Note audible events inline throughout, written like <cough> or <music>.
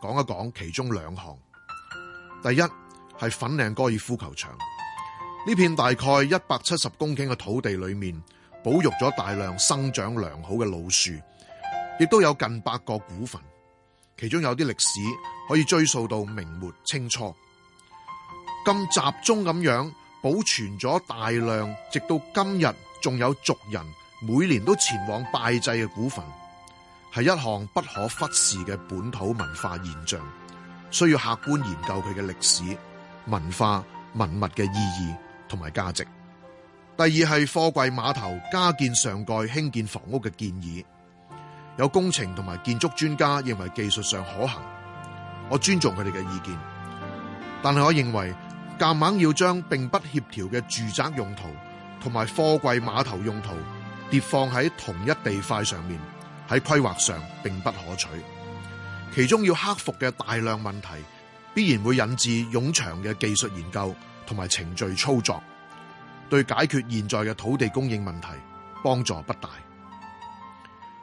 講一講其中兩項，第一係粉嶺高爾夫球場呢片大概一百七十公頃嘅土地裏面，保育咗大量生長良好嘅老樹，亦都有近百個古墳，其中有啲歷史可以追溯到明末清初，咁集中咁樣保存咗大量，直到今日仲有族人每年都前往拜祭嘅古墳。係一項不可忽視嘅本土文化現象，需要客觀研究佢嘅歷史、文化、文物嘅意義同埋價值。第二係貨櫃碼頭加建上蓋興建房屋嘅建議，有工程同埋建築專家認為技術上可行，我尊重佢哋嘅意見，但係我認為夾硬要將並不協調嘅住宅用途同埋貨櫃碼頭用途疊放喺同一地塊上面。喺規劃上並不可取，其中要克服嘅大量問題，必然會引致冗長嘅技術研究同埋程序操作，對解決現在嘅土地供應問題幫助不大。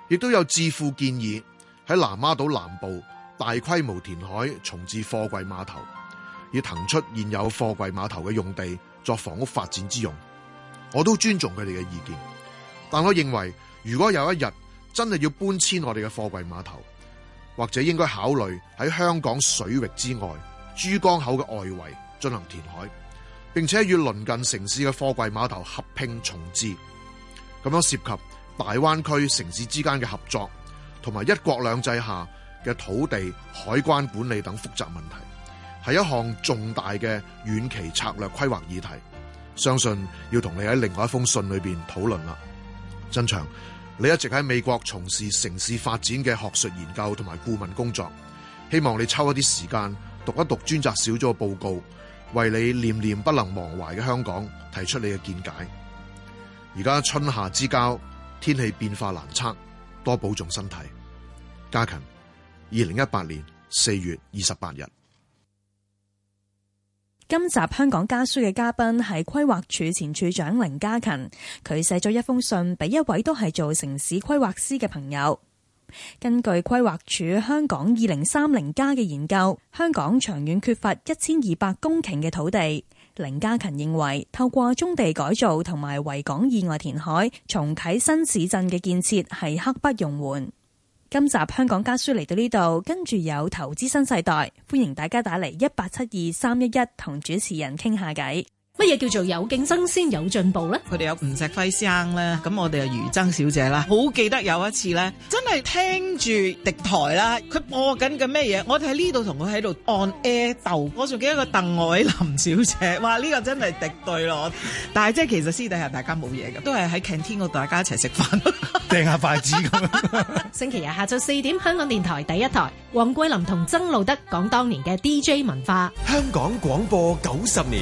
亦都有智庫建議喺南丫島南部大規模填海重置貨櫃碼頭，以騰出現有貨櫃碼頭嘅用地作房屋發展之用。我都尊重佢哋嘅意見，但我認為如果有一日，真係要搬遷我哋嘅貨櫃碼頭，或者應該考慮喺香港水域之外珠江口嘅外圍進行填海，並且與鄰近城市嘅貨櫃碼頭合併重置。咁樣涉及大灣區城市之間嘅合作，同埋一國兩制下嘅土地海關管理等複雜問題，係一項重大嘅遠期策略規劃議題。相信要同你喺另外一封信裏邊討論啦，珍祥。你一直喺美國從事城市發展嘅學術研究同埋顧問工作，希望你抽一啲時間讀一讀專責小組報告，為你念念不能忘懷嘅香港提出你嘅見解。而家春夏之交，天氣變化難測，多保重身體。家勤，二零一八年四月二十八日。今集《香港家書》嘅嘉賓係規劃署前署長凌嘉勤，佢寫咗一封信俾一位都係做城市規劃師嘅朋友。根據規劃署《香港二零三零加》嘅研究，香港長遠缺乏一千二百公頃嘅土地。凌嘉勤認為，透過棕地改造同埋維港以外填海，重啟新市鎮嘅建設係刻不容緩。今集香港家書嚟到呢度，跟住有投資新世代，歡迎大家打嚟一八七二三一一，同主持人傾下偈。乜嘢叫做有競爭先有進步咧？佢哋有吳石輝先生咧，咁我哋啊余曾小姐啦，好記得有一次咧，真係聽住敵台啦，佢播緊嘅咩嘢，我哋喺呢度同佢喺度 on air 鬥，我仲記得一個鄧愛林小姐，話呢個真係敵對咯。但係即係其實私底下大家冇嘢嘅，都係喺 canteen 度大家一齊食飯，掟下筷子咁。星期日下晝四點，香港電台第一台，黃桂林同曾路德講當年嘅 DJ 文化。香港廣播九十年。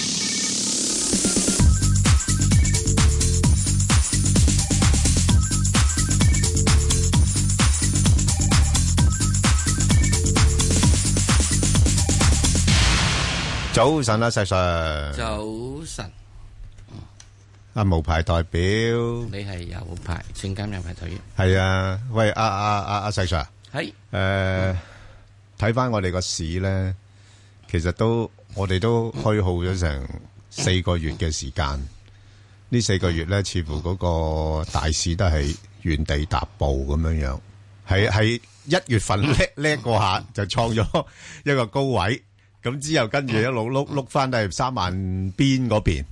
早晨啊，石 Sir！早晨，阿無晨、啊、牌代表，你係有牌，證監有牌代表。係啊，喂阿阿阿阿石 Sir，係、啊，誒、啊，睇、啊、翻是、呃、我哋個市咧，其實都我哋都虛耗咗成四個月嘅時間。呢四個月咧，似乎嗰個大市都係原地踏步咁樣樣。係係一月份叻叻過一下，就創咗一個高位。咁之後跟住一路碌碌翻到去三萬邊嗰邊，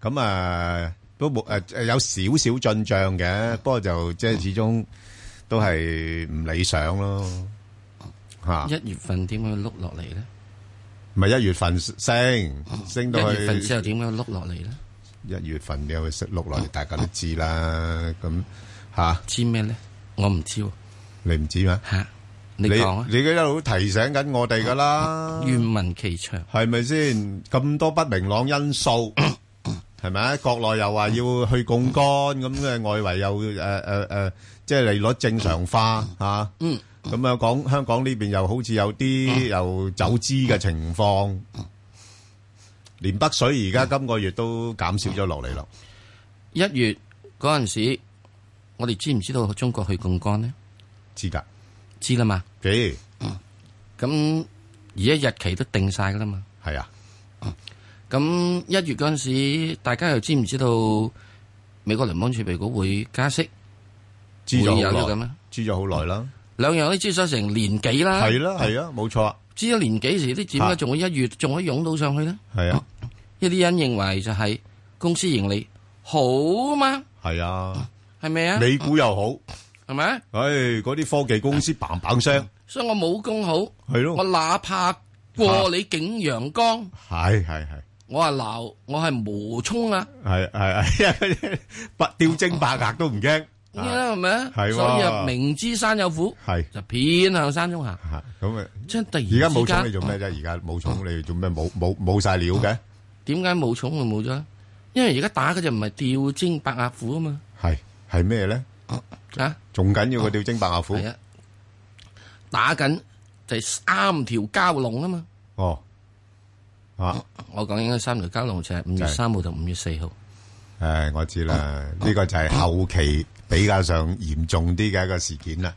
咁啊都冇誒誒有少少進賬嘅，不過就即係始終都係唔理想咯吓。一月份點樣碌落嚟咧？唔係一月份升升到去一月份之後點樣碌落嚟咧？一月份你去識碌落嚟，大家都知啦。咁吓知咩咧？我唔知。你唔知咩？你講啊！你而家一路提醒緊我哋噶啦，願聞其詳係咪先，咁多不明朗因素係咪啊？國內又話要去槓桿，咁嘅外圍又誒誒誒，即係利率正常化吓，嗯，咁啊，講香港呢邊又好似有啲又走資嘅情況，連北水而家今個月都減少咗落嚟啦。一月嗰陣時，我哋知唔知道中國去槓桿呢？知噶。知啦嘛？幾？咁而家日期都定晒㗎啦嘛？係啊。咁一月嗰陣時，大家又知唔知道美國聯邦儲備局會加息？知咗好耐啦。知咗好耐啦。兩樣都知咗成年幾啦。係啦，係啊，冇錯。知咗年幾時都點解仲會一月仲可以湧到上去咧？係啊。一啲人認為就係公司盈利好嘛？係啊。係咪啊？美股又好。係咪？唉，嗰啲科技公司嘭嘭聲，所以我武功好係咯。我哪怕過你景陽岡，係係係。我話鬧，我係武松啊，係係，因為白吊睛白額都唔驚，係咪啊？係，所以明知山有虎，係就偏向山中行。咁啊，即係突然之間，而家武松你做咩啫？而家武松你做咩冇冇冇晒料嘅？點解武松就冇咗？因為而家打嘅就唔係吊睛白額虎啊嘛。係係咩咧？哦、啊！仲緊要個吊睛白牙虎，啊、打緊就係三條蛟龍啊嘛！哦，啊！我講應該三條蛟龍就係、是、五月三號同五月四號。誒、哎，我知啦，呢、啊、個就係後期比較上嚴重啲嘅一個事件啦。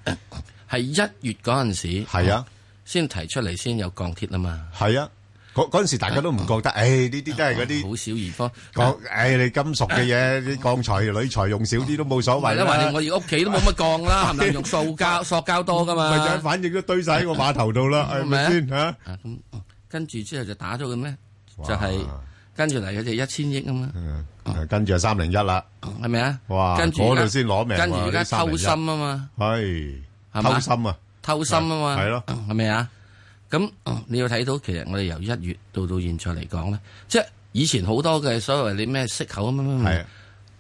係、啊、一月嗰陣時，係啊，先提出嚟先有鋼鐵啦嘛。係啊。嗰嗰陣時大家都唔覺得，誒呢啲都係嗰啲好少兒科，鋼誒你金屬嘅嘢，啲鋼材、鋁材用少啲都冇所謂啦。因為我屋企都冇乜鋼啦，係咪用塑膠？塑膠多㗎嘛，咪就係反正都堆曬喺個碼頭度啦，係咪先嚇？啊咁，跟住之後就打咗佢咩？就係跟住嚟嘅就一千億啊嘛！嗯，跟住就三零一啦，係咪啊？哇！嗰度先攞命喎，跟住而家偷心啊嘛，係偷心啊，偷心啊嘛，係咯，係咪啊？咁、哦、你要睇到，其實我哋由一月到到現在嚟講咧，即係以前好多嘅所謂你咩息口啊，係啊的，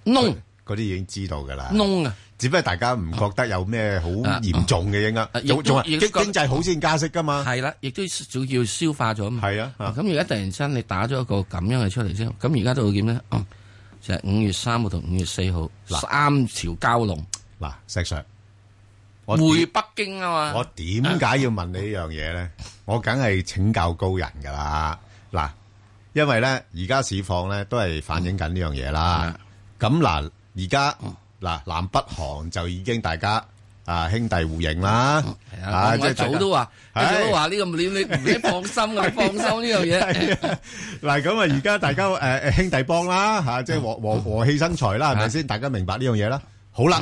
窿弄，嗰啲、呃、已經知道噶啦，窿啊，只不過大家唔覺得有咩好嚴重嘅嘢啦，仲仲經濟好先加息噶嘛，係、啊、啦，亦、啊啊、都早要、啊、消化咗啊嘛，係啊，咁而家突然間你打咗一個咁樣嘅出嚟先，咁而家到點咧？就係五月，月嘗三號同五月四號，三朝蛟龍，嗱，石我回北京啊嘛！我點解要問你呢樣嘢咧？我梗係請教高人噶啦。嗱，因為咧而家市況咧都係反映緊呢樣嘢啦。咁嗱，而家嗱南北韓就已經大家啊兄弟互認啦。係啊，即係早都話，早都話呢個唔你唔你放心噶，放心呢樣嘢。嗱咁啊，而家大家誒兄弟幫啦吓，即係和和和氣生財啦，係咪先？大家明白呢樣嘢啦。好啦。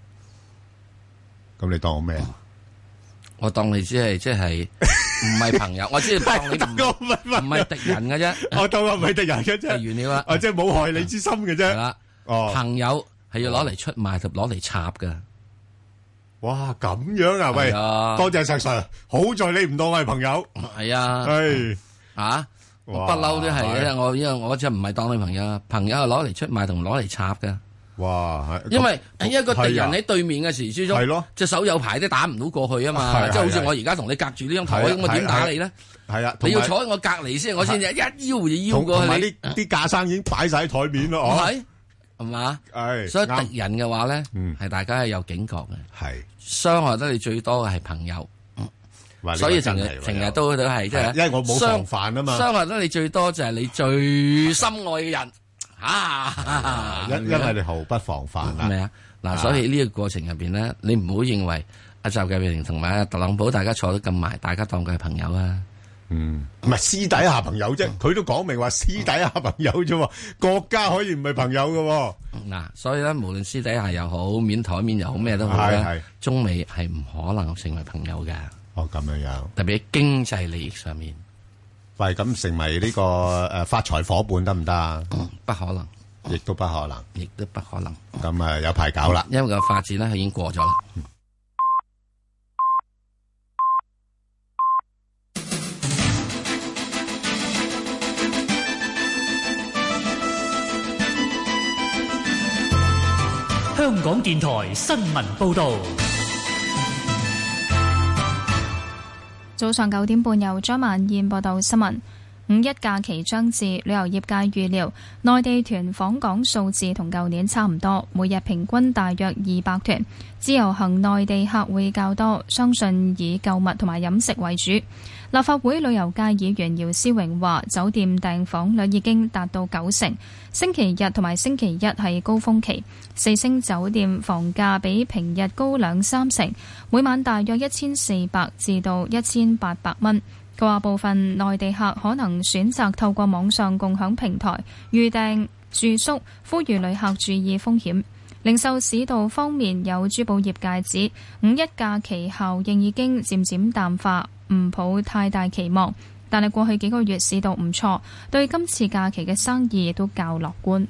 咁你當咩啊？我當你只係即係唔係朋友，我只係當你唔唔係敵人嘅啫。我當我唔係敵人嘅啫。完了啦！即係冇害你之心嘅啫。朋友係要攞嚟出賣同攞嚟插嘅。哇，咁樣啊？喂，多謝石 s 好在你唔當我係朋友。係啊，係啊，啊，不嬲都係嘅。我因為我即唔係當你朋友，朋友係攞嚟出賣同攞嚟插嘅。哇，係因為一個敵人喺對面嘅時之中，隻手有牌都打唔到過去啊嘛，即係好似我而家同你隔住呢張台咁啊，我點打你咧？係啊，你要坐喺我隔籬先，我先一腰就腰過去。同埋啲啲架生已經擺晒喺台面咯，嗬，係係嘛？係，所以敵人嘅話咧，係大家係有警覺嘅，係傷害得你最多嘅係朋友，所以成日成日都都係即係，因為我冇防範啊嘛，傷害得你最多就係你最心愛嘅人。啊，因因為你毫不防範，咩啊嗱，所以呢個過程入邊咧，你唔好認為阿習近平同埋特朗普大家坐得咁埋，大家當佢係朋友啊，嗯，唔係私底下朋友啫，佢都講明話私底下朋友啫，國家可以唔係朋友嘅。嗱，所以咧無論私底下又好，面台面又好，咩都好咧，中美係唔可能成為朋友嘅。哦，咁樣樣，特別喺經濟利益上面。係咁成為呢個誒發財伙伴得唔得啊？不可能，亦都不可能，亦都不可能。咁啊，有排搞啦。因為個發展咧係已經過咗啦。嗯、香港電台新聞報導。早上九點半，由張萬燕報道新聞。五一假期將至，旅遊業界預料內地團訪港數字同舊年差唔多，每日平均大約二百團。自由行內地客會較多，相信以購物同埋飲食為主。立法會旅遊界議員姚思榮話：酒店訂房率已經達到九成，星期日同埋星期一係高峰期，四星酒店房價比平日高兩三成，每晚大約一千四百至到一千八百蚊。佢話部分內地客可能選擇透過網上共享平台預訂住宿，呼籲旅客注意風險。零售市道方面，有珠寶業界指五一假期效應已經漸漸淡化。唔抱太大期望，但係過去幾個月市道唔錯，對今次假期嘅生意亦都較樂觀。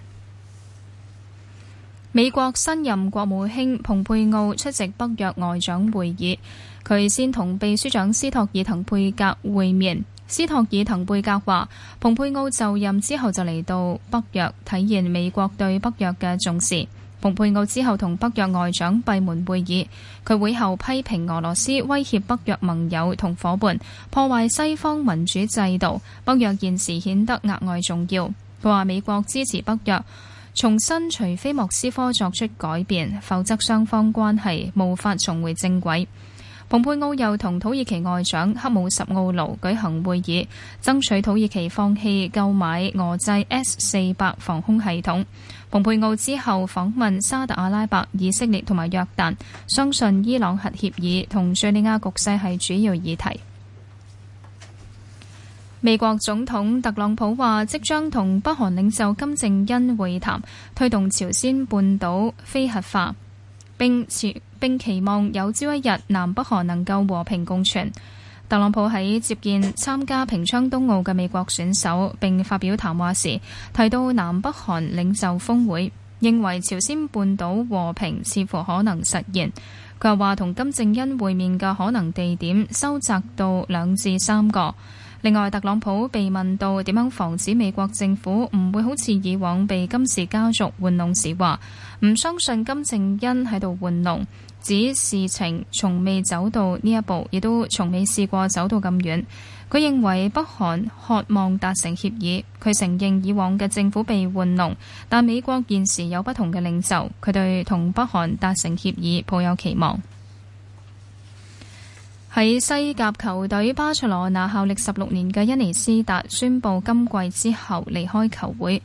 美國新任國務卿蓬佩奧出席北約外長會議，佢先同秘書長斯托爾滕貝格會面。斯托爾滕貝格話，蓬佩奧就任之後就嚟到北約，體現美國對北約嘅重視。蓬佩奧之後同北約外長閉門會議，佢會後批評俄羅斯威脅北約盟友同伙伴，破壞西方民主制度。北約現時顯得額外重要。佢話美國支持北約，重申除非莫斯科作出改變，否則雙方關係無法重回正軌。蓬佩奧又同土耳其外長黑姆什奧盧舉行會議，爭取土耳其放棄購買俄製 S 四百防空系統。蓬佩奧之後訪問沙特阿拉伯、以色列同埋約旦，相信伊朗核協議同敘利亞局勢係主要議題。美國總統特朗普話，即將同北韓領袖金正恩會談，推動朝鮮半島非核化。並設並期望有朝一日南北韓能夠和平共存。特朗普喺接見參加平昌冬奧嘅美國選手並發表談話時，提到南北韓領袖峰會，認為朝鮮半島和平似乎可能實現。佢又話同金正恩會面嘅可能地點收窄到兩至三個。另外，特朗普被問到點樣防止美國政府唔會好似以往被金氏家族玩弄時話，話唔相信金正恩喺度玩弄。指事情從未走到呢一步，亦都從未試過走到咁遠。佢認為北韓渴望達成協議，佢承認以往嘅政府被玩弄，但美國現時有不同嘅領袖。佢對同北韓達成協議抱有期望。喺西甲球隊巴塞羅那效力十六年嘅恩尼斯達宣布今季之後離開球會。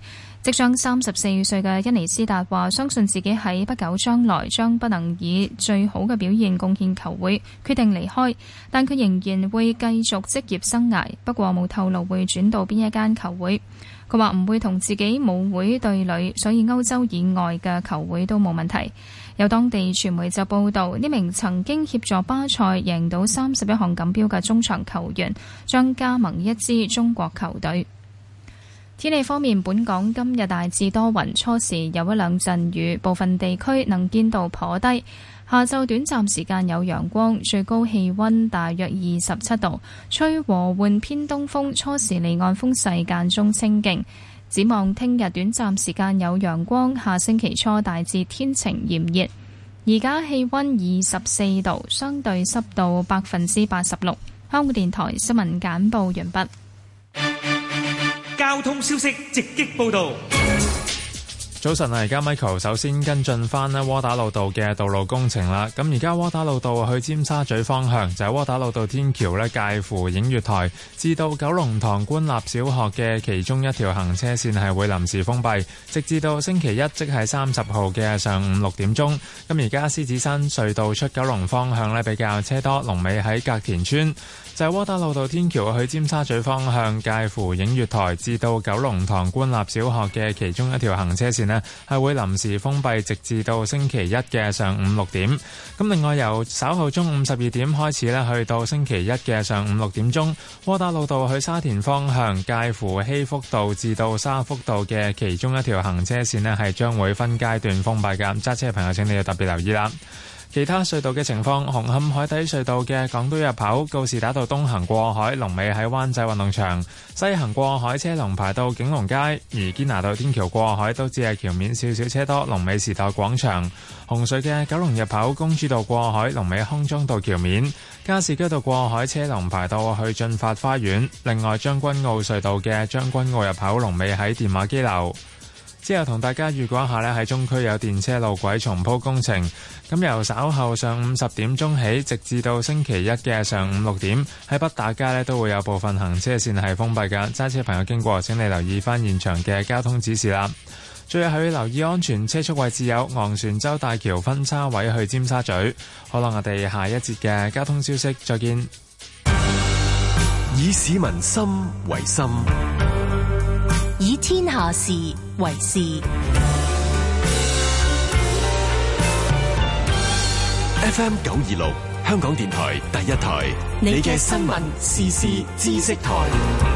即將三十四歲嘅恩尼斯達話：相信自己喺不久將來將不能以最好嘅表現貢獻球會，決定離開。但佢仍然會繼續職業生涯，不過冇透露會轉到邊一間球會。佢話唔會同自己母會對壘，所以歐洲以外嘅球會都冇問題。有當地傳媒就報道，呢名曾經協助巴塞贏到三十一項錦標嘅中場球員，將加盟一支中國球隊。天氣方面，本港今日大致多雲，初時有一兩陣雨，部分地區能見度頗低。下晝短暫時間有陽光，最高氣溫大約二十七度，吹和緩偏東風，初時離岸風勢間中清勁。展望聽日短暫時間有陽光，下星期初大致天晴炎熱。而家氣溫二十四度，相對濕度百分之八十六。香港電台新聞簡報完畢。交通消息直擊報道。早晨啊，而家 Michael 首先跟進翻呢窩打老道嘅道路工程啦。咁而家窩打老道去尖沙咀方向就係窩打老道天橋呢，介乎映月台至到九龍塘官立小學嘅其中一條行車線係會臨時封閉，直至到星期一即係三十號嘅上午六點鐘。咁而家獅子山隧道出九龍方向呢，比較車多，龍尾喺隔田村。就係窩打老道天橋去尖沙咀方向，介乎映月台至到九龍塘官立小學嘅其中一條行車線呢，係會臨時封閉，直至到星期一嘅上午六點。咁另外由稍後中午十二點開始呢，去到星期一嘅上午六點鐘，窩打老道去沙田方向，介乎希福道至到沙福道嘅其中一條行車線呢，係將會分階段封閉。噶揸車嘅朋友，請你特別留意啦。其他隧道嘅情況，紅磡海底隧道嘅港島入口告士打道東行過海，龍尾喺灣仔運動場；西行過海車龍排到景龍街。而堅拿道天橋過海都只係橋面少少車多，龍尾時代廣場。紅隧嘅九龍入口公主道過海，龍尾空中道橋面；加士居道過海車龍排到去駿發花園。另外將軍澳隧道嘅將軍澳入口龍尾喺電話機樓。之後同大家預告一下呢，喺中區有電車路軌重鋪工程。咁由稍後上午十點鐘起，直至到星期一嘅上午六點，喺畢打街呢都會有部分行車線係封閉嘅。揸車朋友經過，請你留意翻現場嘅交通指示啦。最後要留意安全車速位置有昂船洲大橋分叉位去尖沙咀。好啦，我哋下一節嘅交通消息再見。以市民心為心，天下事為事，FM 九二六，香港電台第一台，你嘅新聞、時事、知識台。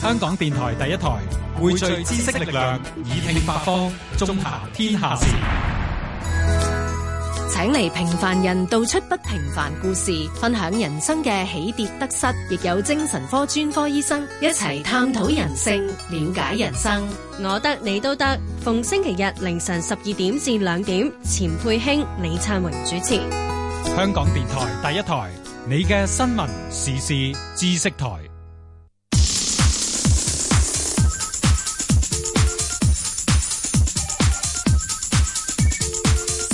香港電台第一台匯聚知識力量，耳聽八方，洞察天下事。請嚟，平凡人道出不平凡故事，分享人生嘅起跌得失，亦有精神科專科醫生一齊探討人性，了解人生。我得你都得，逢星期日凌晨十二點至兩點，錢佩卿李燦榮主持。香港電台第一台，你嘅新聞時事知識台。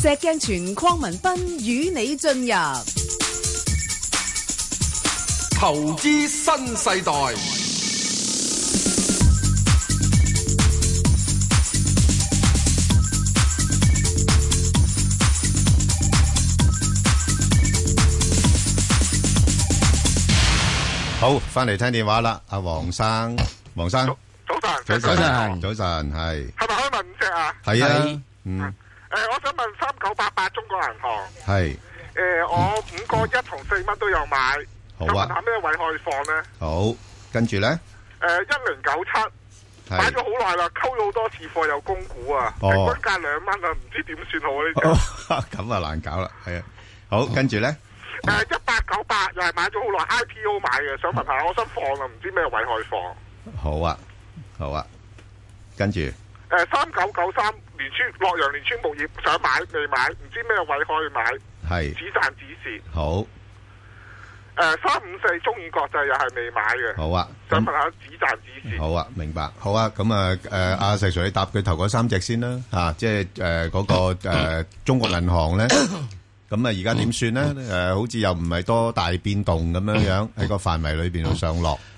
石鏡泉鄺民彬與你進入投資新世代。好，翻嚟聽電話啦，阿黃生，黃生，早晨，早晨，早晨，係，係咪開埋五隻啊？係啊，嗯。誒、呃，我想問三九八八中國銀行係誒是、呃，我五個一同四蚊都有買，咁、啊、問下咩位可以放咧？好，跟住咧？誒，一零九七買咗好耐啦，溝咗好多次，貨有供股啊，平均價兩蚊啊，唔知點算好？呢。咁啊難搞啦，係啊，好，跟住咧？誒，一八九八又係買咗好耐，IPO 買嘅，想問下，我想放啊，唔知咩位可以放好、啊？好啊，好啊，跟住誒，三九九三。3連珠洛陽連珠木業，想買未買，唔知咩位可以買？係是。止賺止蝕。好。誒、uh，三五四中五國際又係未買嘅。好啊。想問下止賺止蝕、嗯。好啊，明白。好啊，咁、呃、啊，誒，阿石 Sir，你答佢頭嗰三隻先啦，吓、啊，即係誒嗰個誒、呃、中國銀行咧，咁啊而家點算咧？誒 <coughs> <coughs> 好似又唔係多大，大變動咁樣樣喺 <coughs> 個範圍裏邊度上落。 <coughs>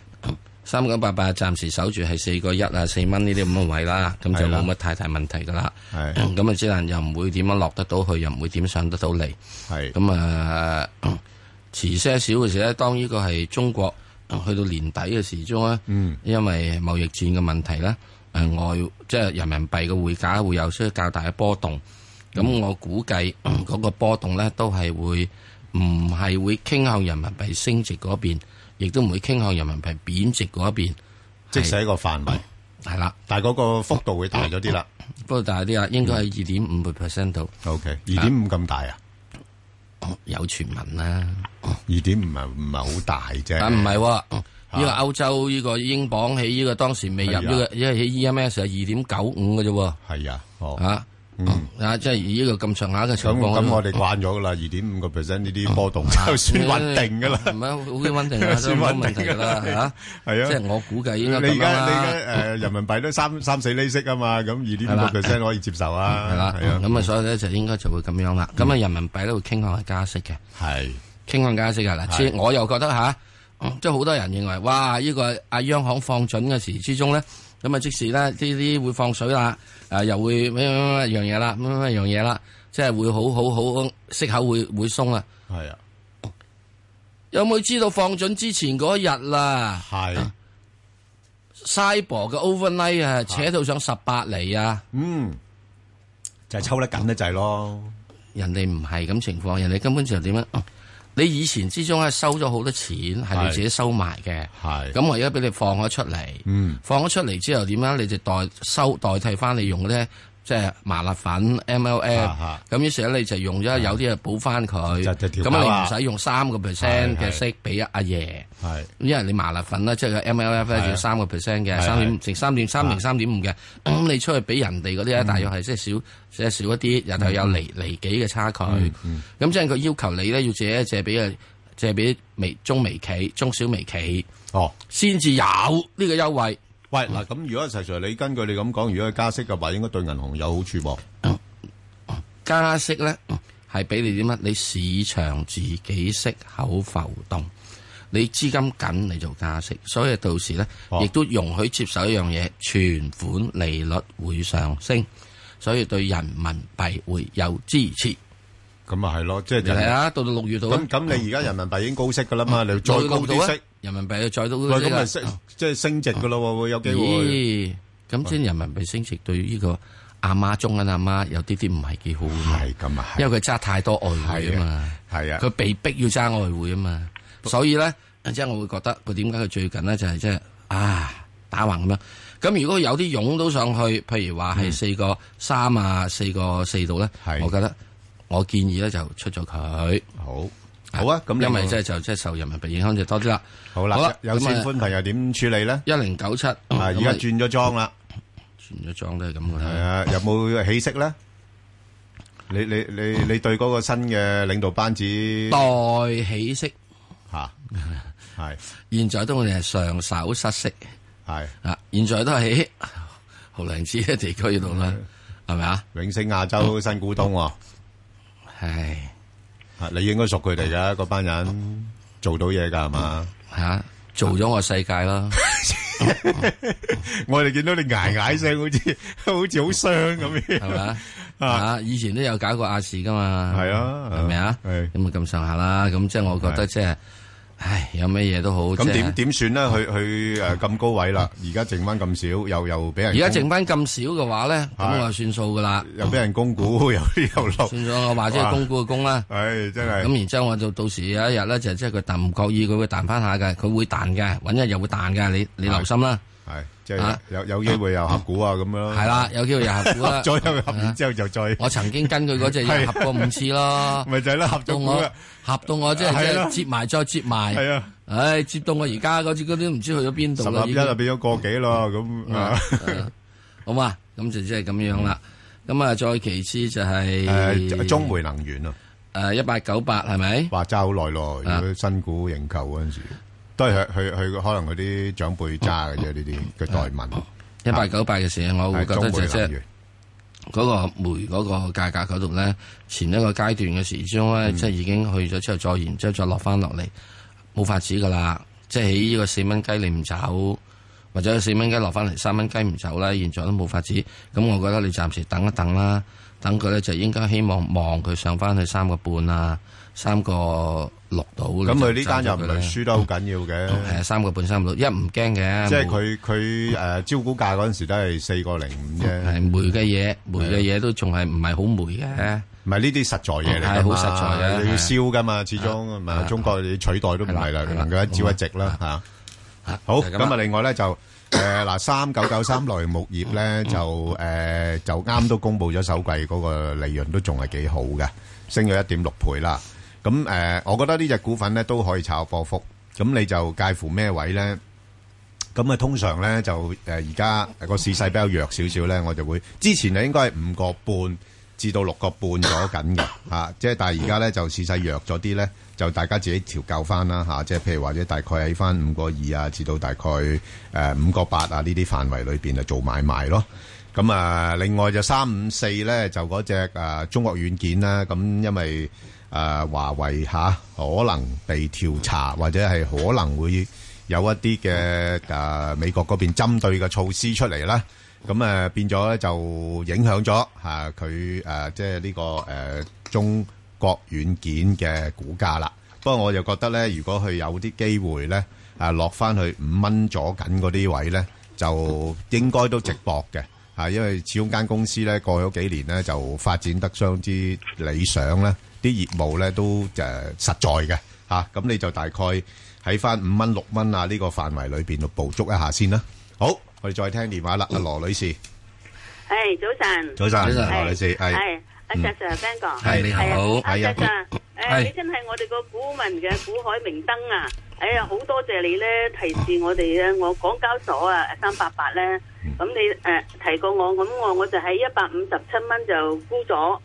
三九八八暫時守住係四個一啊，四蚊呢啲咁嘅位啦，咁就冇乜太大問題噶啦。係的，咁啊只能又唔會點樣落得到去，又唔會點上得到嚟。係的，咁啊遲些少嘅時咧，當呢個係中國去到年底嘅時鐘咧，嗯，因為貿易戰嘅問題咧，誒外、嗯呃、即係人民幣嘅匯價會有少少較大嘅波動。咁、嗯、我估計嗰個波動咧都係會唔係會傾向人民幣升值嗰邊。亦都唔會傾向人民幣貶值嗰一邊，即使一個範圍，啦、嗯。但係嗰個幅度會大咗啲啦，不過大啲、哦、啊，應該係二點五倍 percent 度。O K，二點五咁大啊？有傳聞啦，二點五係唔係好大啫。但唔係，依個歐洲呢個英鎊起呢、這個當時未入呢、啊這個，因、這、為、個、起 E M S 係二點九五嘅啫喎。係啊，哦嚇。嗯，啊，即係依個咁上下嘅情況，咁我哋慣咗噶啦，二點五個 percent 呢啲波動就算穩定噶啦，唔係好穩定，算穩定噶啦係啊，即係我估計應該你而家你誒人民幣都三三四厘息啊嘛，咁二點五個 percent 可以接受啊，係啦，係啊，咁啊所以咧就應該就會咁樣啦，咁啊人民幣咧會傾向係加息嘅，係傾向加息噶，嗱，即係我又覺得吓，即係好多人認為，哇，呢個阿央行放準嘅時之中咧，咁啊即時咧呢啲會放水啦。啊！又會咩咩咩樣嘢啦，咩咩樣嘢啦，即係會好好好息口會會鬆啊！係啊，有冇知道放准之前嗰日啦？係，Cyber 嘅 Overnight 啊，扯到上十八厘啊！嗯，就係、是、抽得緊得滯咯，人哋唔係咁情況，人哋根本就點樣？啊你以前之中咧收咗好多錢，係是你自己收埋嘅。係咁是我而家俾你放咗出嚟。嗯，放咗出嚟之後點樣？你就代收代替翻你用嘅咧。即係麻辣粉 M L F，咁於是咧你就用咗有啲啊補翻佢，咁你唔使用三個 percent 嘅息俾阿爺，係，因為你麻辣粉啦，即係 M L F 咧要三個 percent 嘅，三點成三點三零、三點五嘅，咁你出去俾人哋嗰啲咧，大約係即係少，即係少一啲，又係有離離幾嘅差距，咁即係佢要求你咧要借一借俾嘅，借俾微中微企、中小微企，哦，先至有呢個優惠。喂，嗱咁如果齊 sir 你根據你咁講，如果係加息嘅話，應該對銀行有好處噃？加息咧係俾你啲乜？你市場自己息口浮動，你資金緊，你就加息，所以到時咧、啊、亦都容許接受一樣嘢，存款利率會上升，所以對人民幣會有支持。咁啊，係咯，即係。係啊，到到六月度。咁咁，你而家人民幣已經高息噶啦嘛？你再高啲息，人民幣再高啲息咁即係升值噶咯喎！有機會。咦？咁先人民幣升值對呢個阿媽中嘅阿媽有啲啲唔係幾好啊？係咁啊！因為佢揸太多外匯啊嘛，係啊，佢被逼要揸外匯啊嘛，所以咧，即係我會覺得佢點解佢最近咧就係即係啊打橫咁樣。咁如果有啲湧到上去，譬如話係四個三啊，四個四度咧，我覺得。我建議咧就出咗佢，好好啊！咁因為即係就即係受人民幣影響就多啲啦。好啦，有線寬頻朋友點處理咧？一零九七啊，而家轉咗莊啦，轉咗莊都係咁嘅。係啊，有冇起色咧？你你你你對嗰個新嘅領導班子待起色嚇係，現在都我哋係上手失色係啊，現在都係好良志嘅地區度啦，係咪啊？永升亞洲新股東。唉，啊！ <music> 你應該熟佢哋噶，嗰班人做到嘢噶係嘛？吓、啊，做咗我世界咯！ <laughs> <music> 我哋見到你捱捱聲，好似好似好傷咁樣，係 <laughs> 咪啊？以前都有搞過亞視噶嘛？係啊，係咪吧啊？咁咪咁上下啦，咁是即係我覺得即係。唉，有咩嘢都好，咁點點算呢？佢佢誒，咁高位啦，而家剩翻咁少，又又俾人而家剩翻咁少嘅話咧，咁、啊、就算數噶啦，又俾人供股，又又落，算咗我話即係供股嘅供啦。唉，真係咁，然之後我就到，到時有一日咧，就即係佢彈唔覺意，佢會彈翻下嘅，佢會彈嘅，搵一日又會彈嘅，你、嗯、你留心啦。啊！有有機會又合股啊，咁樣咯。係啦，有機會又合股啦。再又合完之後就再我曾經跟佢嗰隻又合過五次咯。咪就係咯，合到我合到我即係接埋再接埋。係啊，唉，接到我而家嗰啲嗰啲唔知去咗邊度啦。已經十粒一就變咗個幾咯，咁啊，好嘛？咁就即係咁樣啦。咁啊，再其次就係誒中煤能源啊。誒，一八九八係咪？揸咗好耐咯，如果新股認購嗰陣時。都係佢佢可能佢啲長輩揸嘅啫，呢啲嘅代問。一八九八嘅事，是我會覺得即係即嗰個煤嗰個價格嗰度咧，前一個階段嘅時呢，終咧、嗯、即係已經去咗之後再然即係再落翻落嚟，冇法子噶啦。即係喺呢個四蚊雞，你唔走，或者四蚊雞落翻嚟三蚊雞唔走咧，現在都冇法子。咁我覺得你暫時等一等啦，等佢咧就應該希望望佢上翻去三個半啊。三個六到，咁佢呢單又唔係輸得好緊要嘅。誒，三個半三個六，因為唔驚嘅。即係佢佢誒招股價嗰陣時都係四個零五咁啫。煤嘅嘢，煤嘅嘢都仲係唔係好煤嘅？唔係呢啲實在嘢嚟嘅，好實在嘅，要燒㗎嘛，始終啊嘛，中國你取代都唔係啦，能夠一朝一夕啦嚇。好咁啊，另外咧就誒嗱，三九九三來木業咧就誒就啱都公佈咗首季嗰個利潤都仲係幾好嘅，升咗一點六倍啦。咁誒、呃，我覺得隻呢隻股份咧都可以炒波幅。咁你就介乎咩位呢？咁啊，通常呢，就誒，而、呃、家、個市勢比較弱少少呢，我就會之前啊，應該係五個半至到六個半咗緊嘅嚇。即係但係而家呢，就市勢弱咗啲呢，就大家自己調教翻啦嚇。即係譬如或者大概喺翻五個二啊，至到大概誒五個八啊呢啲範圍裏邊啊做買賣咯。咁啊、呃，另外就三五四呢，就嗰隻啊中國軟件啦。咁、啊、因為誒，華為吓可能被調查，或者係可能會有一啲嘅，誒美國嗰邊針對嘅措施出嚟啦。咁誒變咗咧就影響咗吓佢誒，即係呢個誒中國軟件嘅股價啦。不過我就覺得咧，如果佢有啲機會咧，誒落翻去五蚊左緊嗰啲位咧，就應該都值博嘅。吓，因為始終間公司咧過咗幾年咧，就發展得相之理想咧。啲業務咧都誒實在嘅嚇，咁你就大概喺翻五蚊六蚊啊呢個範圍裏邊度捕捉一下先啦。好，我哋再聽電話啦，阿羅女士。係，早晨。早晨，早晨，羅女士。係，阿 Sir，阿 Ben 哥。係你好。係啊，Sir，你真係我哋個股民嘅股海明燈啊！哎呀，好多謝你咧，提示我哋咧，我港交所啊三八八咧，咁你誒提過我，咁我我就喺一百五十七蚊就沽咗。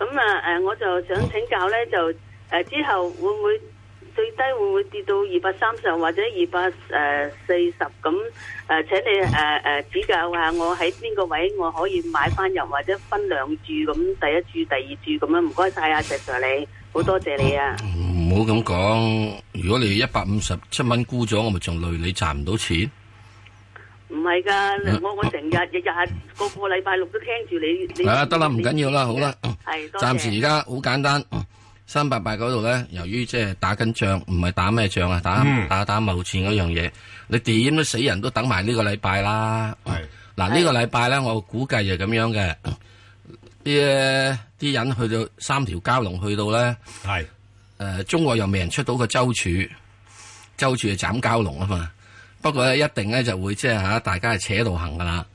咁啊，誒、嗯，我就想請教呢，就誒、呃、之後會唔會最低會唔會跌到二百三十或者二百四十？咁、呃、誒，請你誒誒、呃呃、指教下我喺邊個位我可以買翻入，或者分兩注咁，第一注第二注咁樣。唔該晒啊，石 Sir 你，好多謝你啊。唔好咁講，如果你一百五十七蚊沽咗，我咪仲累你賺唔到錢。唔係噶，我我成日日日係個個禮拜六都聽住你。係啊，得啦，唔緊要啦，好啦，係暫時而家好簡單。三八八嗰度咧，由於即係打緊仗，唔係打咩仗啊，打、嗯、打打貿戰嗰樣嘢。你點都死人都等埋呢個禮拜啦。係嗱的，這個、禮呢個禮拜咧，我估計就係咁樣嘅。啲啲人去到三條蛟龍去到咧，係誒的、呃，中國又未人出到個周處，周處斬蛟龍啊嘛。不過咧，一定咧就會即係吓，大家係扯度行噶啦，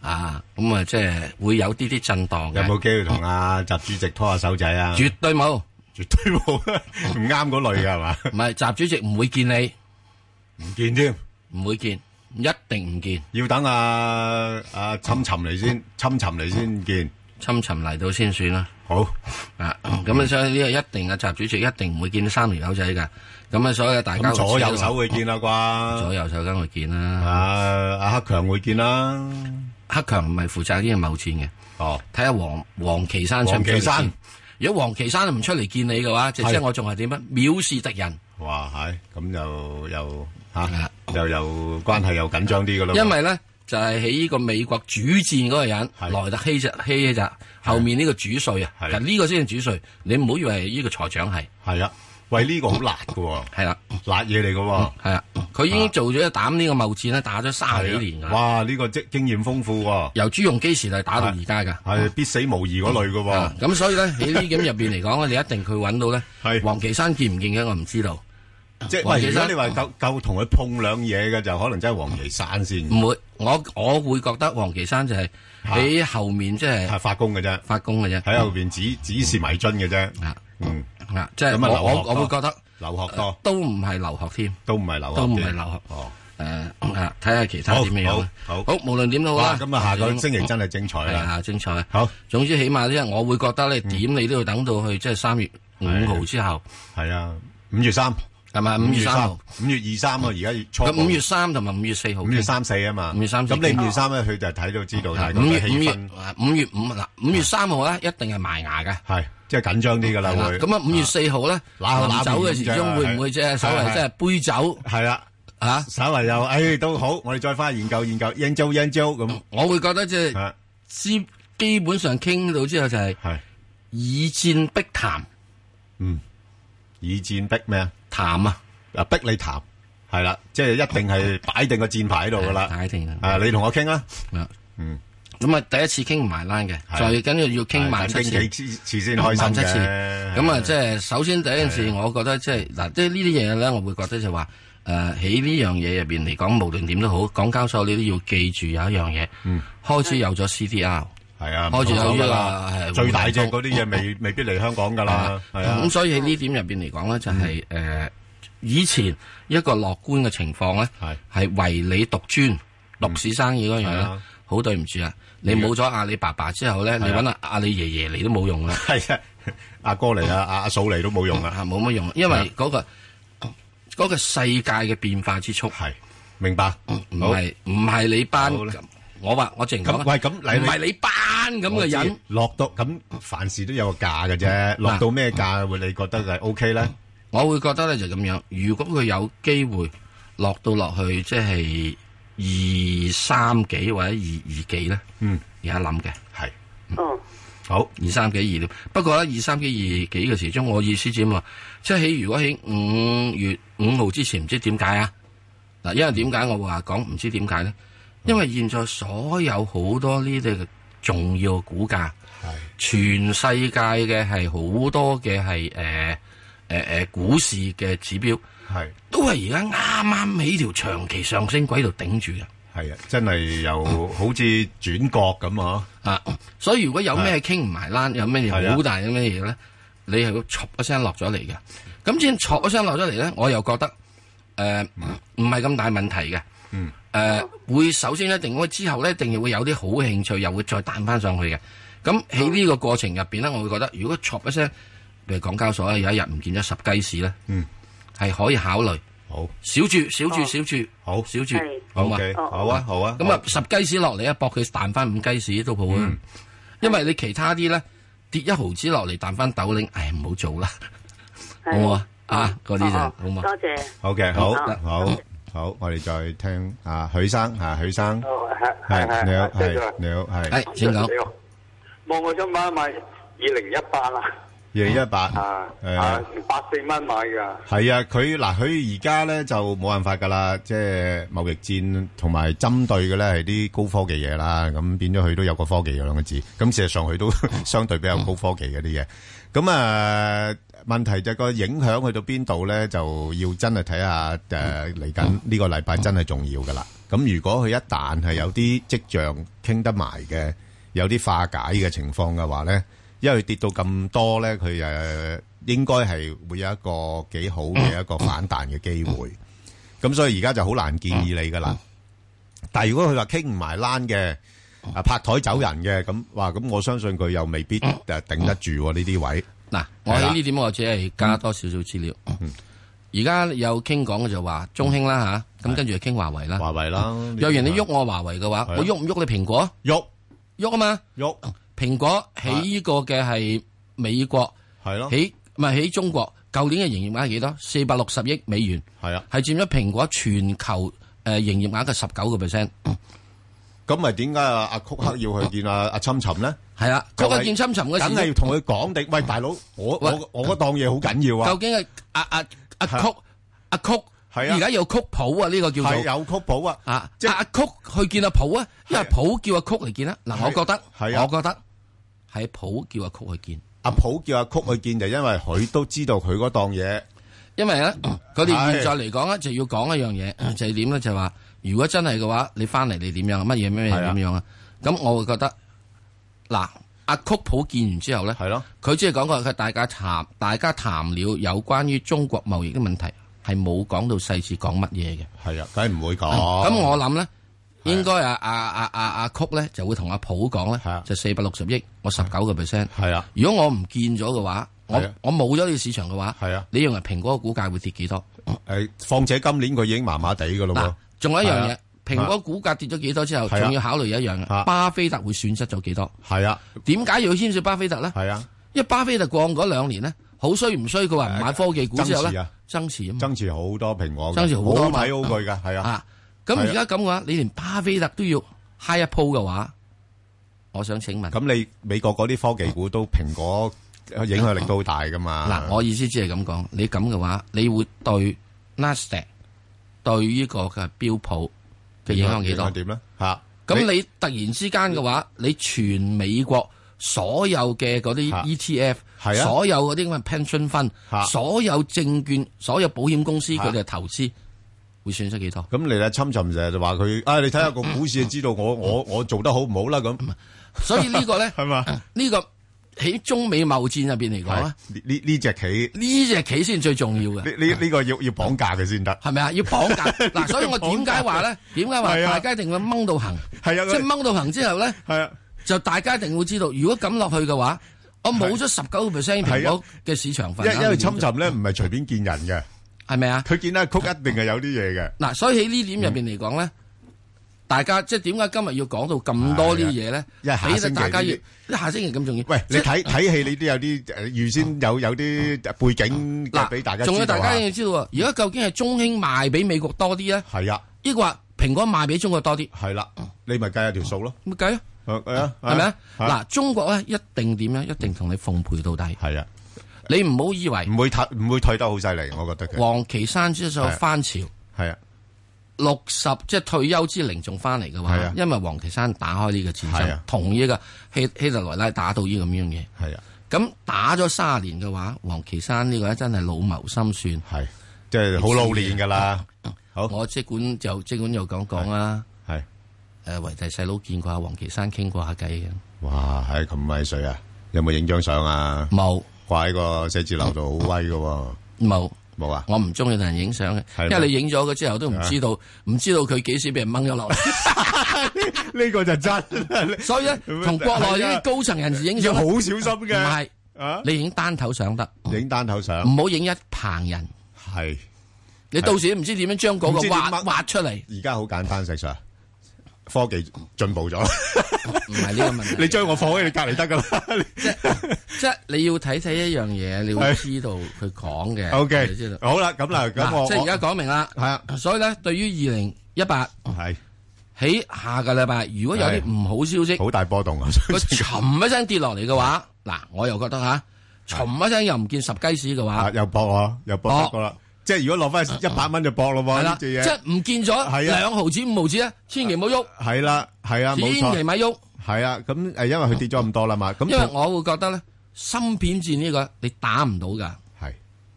啊，咁啊即係會有啲啲震蕩。有冇機會同阿習主席拖下手仔啊？絕對冇，絕對冇，唔啱嗰類噶係嘛？唔係，習主席唔會見你，唔見添，唔會見，一定唔見。要等阿、啊、阿、啊、侵尋嚟先， <laughs> 侵尋嚟先見。侵尋嚟到先算啦。好啊，咁啊，所以呢個一定嘅習主席一定唔會見到三條友仔嘅。咁啊，所以大家左右手會見啦啩。左右手梗會見啦。見啊，阿克強會見啦。克強唔係負責呢個貿戰嘅。哦。睇下王王岐山，王岐山。如果王岐山唔出嚟見你嘅話，即、就、係、是、我仲係點樣？是藐視敵人。哇係，咁又又嚇，又、啊、又關係又，又，又，又，又，又緊張啲嘅啦。因為咧。就係喺呢個美國主戰嗰個人萊特希澤希就後面呢個主帥。啊，係呢個先係主帥，你唔好以為呢個財長係係啊，喂，呢個好辣嘅喎，係啦，辣嘢嚟嘅喎，係啊，佢已經做咗一打呢個貿戰咧，打咗三十幾年嘅，哇，呢個積經驗豐富喎，由朱鎔基時代打到而家嘅，係必死無疑嗰類嘅喎，咁所以咧喺呢啲入邊嚟講，你一定去揾到咧，係黃岐山見唔見嘅我唔知道。即係，其實你話夠夠同佢碰兩嘢嘅，就可能真係王岐山先。唔會，我我會覺得王岐山就係喺後面，即係發功嘅啫，發功嘅啫，喺後邊指指示迷津嘅啫。即係咁，我我會覺得劉鶴多，都唔係劉鶴添，都唔係劉，都唔係劉鶴。誒睇下其他點樣。好，好，好，好，無論點都好啊。咁啊，下個星期真係精彩啦！精彩。好，總之起碼咧，我會覺得咧，你點你都要等到去即係三月五號之後。係啊，五月三。係咪五月三？五月二三啊，而家月初。咁五月三同埋五月四號。五月三四啊嘛。五月三。咁你五月三咧，佢就睇到知道，睇到氣氛。五月五五月三號咧，一定係埋牙嘅。係，即係緊張啲噶啦會。咁啊，五月四號咧，拿拿走嘅時鐘會唔會即係所謂即係杯酒？係啦，啊，稍微又誒都好，我哋再翻去研究研究 e n j o 咁。我會覺得即係基基本上傾到之後就係以戰逼談。嗯，以戰逼咩啊？談啊，啊逼你談，係啦，即係一定係擺定個箭牌喺度噶啦。擺定的啊！啊的，你同我傾啦。的嗯，咁啊，第一次傾唔埋 line 嘅，就係的要要傾埋七次，傾幾次先開心嘅。咁啊、嗯，即係的首先第一件事，我覺得即係嗱，即係的呢啲嘢咧，我會覺得就話，誒喺呢樣嘢入邊嚟講，無論點都好，港交所你都要記住有一樣嘢，嗯、開始有咗 C D R、嗯。係啊，唔好意思，最大隻嗰啲嘢，未未必嚟香港噶啦，係啊。咁所以喺呢點入邊嚟講咧，就係誒，以前一個樂觀嘅情況咧，係係唯你獨尊，獨市生意嗰樣，好對唔住啊！你冇咗阿里爸爸之後咧，你搵阿阿里爺爺嚟都冇用啦，係啊，阿哥嚟啊，阿阿嫂嚟都冇用啦，係冇乜用，因為嗰個個世界嘅變化之速係明白，唔係唔係你班。我話我淨係咁，唔係你，你班咁嘅人，落到咁凡事都有個價嘅啫。落到咩價會你覺得係 O K 咧？我會覺得咧就咁樣。如果佢有機會落到落去，即係二三幾或者二二幾咧？嗯，而家諗嘅係，是嗯，好二三幾二點？不過咧，二三幾二,二幾嘅時中，我意思點啊？即係如果喺五月五號之前，唔知點解啊？嗱，因為點解我會話講唔知點解咧？因為現在所有好多呢啲重要嘅股價，係是全世界嘅係好多嘅係誒誒誒股市嘅指標，係是都係而家啱啱喺條長期上升軌度頂住嘅，係啊，真係又好似轉角咁啊！嗯、啊、嗯，所以如果有咩傾唔埋欄，啊、有咩好大嘅咩嘢咧，啊、你係個挫一聲落咗嚟嘅，咁先挫一聲落咗嚟咧，我又覺得誒唔係咁大問題嘅，嗯。誒，會首先一定，咁之後咧，定會會有啲好興趣，又會再彈翻上去嘅。咁喺呢個過程入邊咧，我會覺得如果戳一聲，譬如港交所咧，有一日唔見咗十雞屎咧，嗯，係可以考慮。好，少注少注少注，好少注，好嘛？好啊好啊。咁啊，十雞屎落嚟啊，搏佢彈翻五雞屎都好啊。因為你其他啲咧跌一毫子落嚟彈翻斗零，唉，唔好做啦，好嘛？啊，嗰啲就好嘛？多謝。好嘅，好好。好，我哋再聽啊，許生啊，許生，係係你好，係你好，係你好，你好。望我今晚買二零一八啦，二零一八啊，誒，八四蚊買噶。係啊，佢嗱，佢而家咧就冇辦法噶啦，即係貿易戰同埋針對嘅咧係啲高科技嘢啦。咁變咗佢都有個科技兩個字，咁事實上佢都相對比較高科技嘅啲嘢。咁啊。問題就係個影響去到邊度咧，就要真係睇下誒嚟緊呢個禮拜真係重要㗎喇。咁如果佢一旦係有啲跡象傾得埋嘅，有啲化解嘅情況嘅話咧，因為佢跌到咁多咧，佢誒應該係會有一個幾好嘅一個反彈嘅機會。咁所以而家就好難建議你㗎喇。但係如果佢話傾唔埋欄嘅，啊拍台走人嘅，咁哇咁我相信佢又未必誒頂得住呢啲位。嗱，我喺呢點或者係加多少少資料。而家、嗯、有傾講嘅就話中興啦吓，咁、嗯啊、跟住又傾華為啦。華為啦、嗯，若然你喐我華為嘅話，我喐唔喐你蘋果？喐喐啊嘛，喐蘋動、嗯、果起呢個嘅係美國係咯，嗯、起唔係起中國。舊年嘅營業額係幾多？四百六十億美元係啊，係佔咗蘋果全球誒營、呃、業額嘅十九個 percent。嗯咁咪點解阿阿曲克要去見阿阿侵沉咧？係啊，曲克見侵沉嘅時，梗係要同佢講定喂，大佬，我我我嗰檔嘢好緊要啊！究竟係阿阿阿曲阿曲係而家有曲譜啊？呢個叫做有曲譜啊！啊，即係阿曲去見阿譜啊，因為譜叫阿曲嚟見啊。嗱，我覺得係，我覺得係譜叫阿曲去見，阿譜叫阿曲去見就因為佢都知道佢嗰檔嘢。因為咧，佢哋現在嚟講咧，就要講一樣嘢，就係點咧，就係話。如果真係嘅話，你翻嚟你點樣？乜嘢咩嘢？點樣啊？咁我會覺得，嗱，阿曲普見完之後咧，係咯，佢只係講過佢大家談，大家談了有關於中國貿易嘅問題，係冇講到細節講乜嘢嘅。係啊，梗係唔會講。咁我諗咧，應該阿阿阿阿阿曲咧就會同阿普講咧，就四百六十億，我十九個 percent。係啊，如果我唔見咗嘅話，我我冇咗呢個市場嘅話，係啊，你認為蘋果嘅股價會跌幾多？誒，況且今年佢已經麻麻地㗎咯。仲有一樣嘢，蘋果股價跌咗幾多之後，仲要考慮一樣嘅，巴菲特會損失咗幾多？係啊，點解要牽涉巴菲特咧？係啊，因為巴菲特降嗰兩年咧，好衰唔衰？佢話唔買科技股之後咧，增持啊，增持好多蘋果，增持好多嘛，好睇好佢嘅係啊。咁而家咁嘅話，你連巴菲特都要 high 一鋪嘅話，我想請問，咁你美國嗰啲科技股都蘋果影響力都好大噶嘛？嗱，我意思只係咁講，你咁嘅話，你會對 Nasdaq 對呢個嘅標普嘅影響幾多？點咧吓？咁你突然之間嘅話，你，你全美國所有嘅嗰啲 ETF，係啊，所有嗰啲咁嘅 pension fund、啊，吓，所有證券、所有保險公司佢哋嘅投資、啊、會損失幾多？咁你咧侵尋成日就話佢，唉、啊，你睇下個股市就知道我我我做得好唔好啦。咁，所以個呢嗎、啊這個咧係嘛？呢個。喺中美貿戰入邊嚟講咧，呢呢呢隻棋，呢隻棋先最重要嘅。呢呢呢個要要綁架佢先得，係咪啊？要綁架嗱，所以我點解話咧？點解話大家一定要掹到行？係啊，即係掹到行之後咧，係啊，就大家一定會知道，如果咁落去嘅話，我冇咗十九個 percent 蘋果嘅市場份。因為侵襲咧，唔係隨便見人嘅，係咪啊？佢見得曲一定係有啲嘢嘅。嗱，所以喺呢點入邊嚟講咧。大家即係點解今日要講到咁多啲嘢咧？其實大家要，呢下星期咁重要。喂，你睇睇戲，你都有啲誒，預先有有啲背景嗱，俾大家。仲有大家要知道，啊，而家究竟係中興賣俾美國多啲咧？係啊，抑或蘋果賣俾中國多啲？係啦，你咪計下條數咯，咪計啊，係咪啊？嗱，中國咧一定點樣？一定同你奉陪到底。係啊，你唔好以為唔會退，唔會退得好犀利。我覺得黃岐山之後翻潮係啊。六十即係退休之齡仲翻嚟嘅話，啊、因為王岐山打開呢個戰爭，啊、同意嘅希希特萊拉打到依咁樣嘢。係啊，咁打咗三十年嘅話，王岐山呢個真係老謀深算，係、啊、即係好老練噶啦。啊、好，我即管就即管就講講啦。係誒、啊，維、啊、弟細佬見過阿王岐山，傾過下偈嘅。哇、啊，係咁威水啊！有冇影張相啊？冇，掛喺個寫字樓度好威嘅。冇。冇啊！我唔中意同人影相嘅，因為你影咗佢之後都唔知道，唔知道佢幾時俾人掹咗落嚟。呢個就真，所以咧，同國內啲高層人士影相好小心嘅。唔係，你影單頭相得，影單頭相，唔好影一棚人。係，你到時都唔知點樣將嗰個畫畫出嚟。而家，好簡單，石 Sir，科技進步咗。唔係呢個問題，你將我放喺你隔籬得噶啦，即係你要睇睇一樣嘢，你會知道佢講嘅。OK，好啦，咁啦，咁即係而家講明啦，係啊，所以咧，對於二零一八係喺下個禮拜，如果有啲唔好消息，好大波動啊，佢沉一聲跌落嚟嘅話，嗱，我又覺得吓沉一聲又唔見十雞屎嘅話，又搏我，又搏噶啦。即係如果落翻一百蚊就搏咯，即係唔見咗，兩毫子五毫子啊，千祈唔好喐。係啦，係啊，冇千祈咪喐。係啊，咁誒，因為佢跌咗咁多啦嘛。咁因為我會覺得咧，芯片戰呢個你打唔到噶。係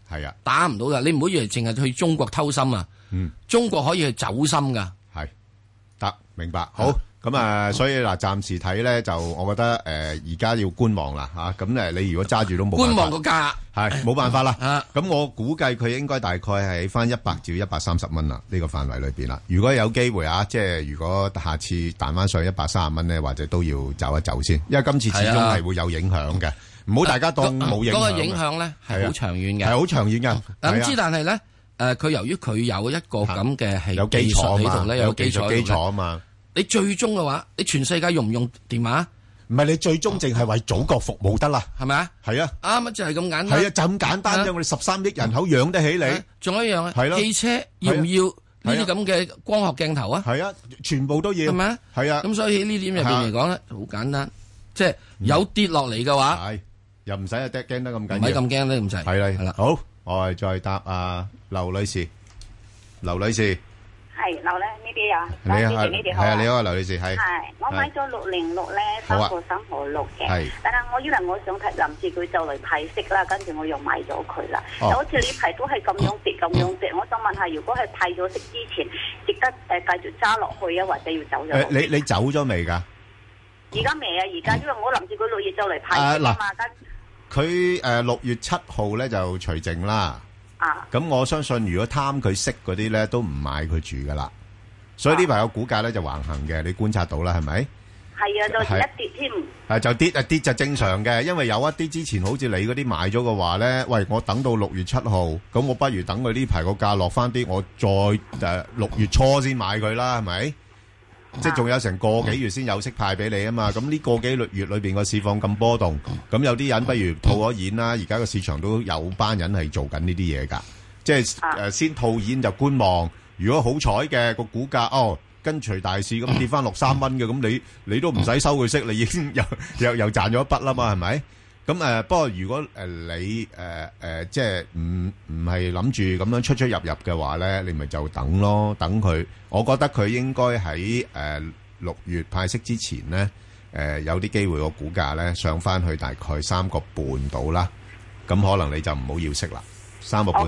係啊，打唔到噶，你唔好以為淨係去中國偷心啊。嗯，中國可以去走心噶。係得明白好。咁啊，嗯嗯、所以嗱，暫時睇咧就，我覺得誒，而、呃、家要觀望啦吓。咁、啊、咧，你如果揸住都冇。觀望個價係冇辦法啦。咁、嗯嗯啊、我估計佢應該大概係翻一百至一百三十蚊啦，呢、這個範圍裏邊啦。如果有機會啊，即係如果下次彈翻上一百三十蚊咧，或者都要走一走先，因為今次始終係會有影響嘅。唔好，啊啊、大家當冇影響。嗰個影響咧係好長遠嘅，係好、啊、長遠嘅。咁之、啊，知但係咧，誒、啊，佢由於佢有一個咁嘅係有基礎、啊，係有基礎基礎啊嘛。你最終嘅話，你全世界用唔用電話？唔係你最終淨係為祖國服務得啦，係咪啊？係啊，啱啊，就係咁簡單。係啊，就咁簡單啫。我哋十三億人口養得起你，仲有一樣啊，汽車要唔要呢啲咁嘅光學鏡頭啊？係啊，全部都要。係咪啊？係啊，咁所以呢點入邊嚟講咧，好簡單，即係有跌落嚟嘅話，又唔使啊跌驚得咁緊要，唔係咁驚得咁滯。係係啦，好，我係再答啊劉女士，劉女士。係，劉咧，呢邊有。你好，係你好啊，劉女士。係，我買咗六零六咧，三號三號六嘅。係，但係我以為我想睇，臨住佢就嚟派息啦，跟住我又買咗佢啦。哦，好似呢排都係咁樣跌，咁樣跌。我想問下，如果係派咗息之前，值得誒繼續揸落去啊，或者要走咗？誒，你你走咗未噶？而家未啊，而家因為我臨住佢六月就嚟派息啊嘛，佢誒六月七號咧就除淨啦。咁我相信，如果貪佢息嗰啲呢，都唔買佢住噶啦。所以呢排個股價呢就橫行嘅，你觀察到啦，係咪？係啊，到時一跌添。係就跌啊跌就正常嘅，因為有一啲之前好似你嗰啲買咗嘅話呢，喂，我等到六月七號，咁我不如等佢呢排個價落翻啲，我再誒，呃，六月初先買佢啦，係咪？即係仲有成個幾月先有息派俾你啊嘛，咁呢個幾月裏邊個市況咁波動，咁有啲人不如套咗現啦。而家個市場都有班人係做緊呢啲嘢噶，即係誒、呃、先套現就觀望。如果好彩嘅個股價哦跟隨大市咁跌翻六三蚊嘅，咁你你都唔使收佢息，你已經又又又賺咗一筆啦嘛，係咪？咁誒、嗯，不過如果誒你誒誒、呃呃呃，即係唔唔係諗住咁樣出出入入嘅話呢，你咪就等咯，等佢。我覺得佢應該喺誒六月派息之前呢，誒、呃、有啲機會個股價呢上返去大概三個半到啦。咁可能你就唔好要，要息啦，三個半。哦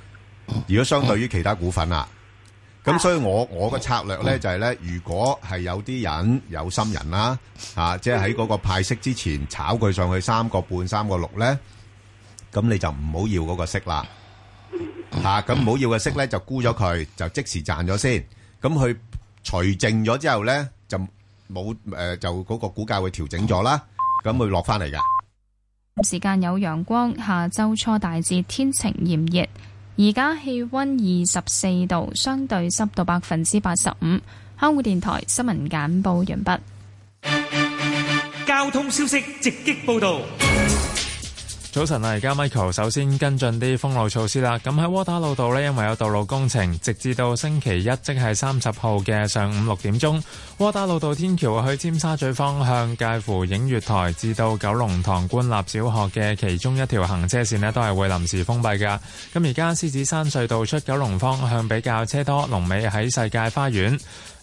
如果相對於其他股份啦，咁所以我我嘅策略呢，就係呢：如果係有啲人有心人啦，吓即係喺嗰個派息之前炒佢上去三個半、三個六呢，咁你就唔好要嗰個息啦，吓咁唔好要嘅息呢，就沽咗佢，就即時賺咗先。咁佢除淨咗之後呢，就冇誒、呃，就嗰個股價會調整咗啦，咁佢落翻嚟嘅。時間有陽光，下周初大致天晴炎熱。而家氣溫二十四度，相對濕度百分之八十五。香港電台新聞簡報完畢。交通消息直擊報道。早晨啊，而家 Michael 首先跟進啲封路措施啦。咁喺窩打老道呢，因為有道路工程，直至到星期一，即係三十號嘅上午六點鐘，窩打老道天橋去尖沙咀方向，介乎映月台至到九龍塘官立小學嘅其中一條行車線呢，都係會臨時封閉噶。咁而家獅子山隧道出九龍方向比較車多，龍尾喺世界花園。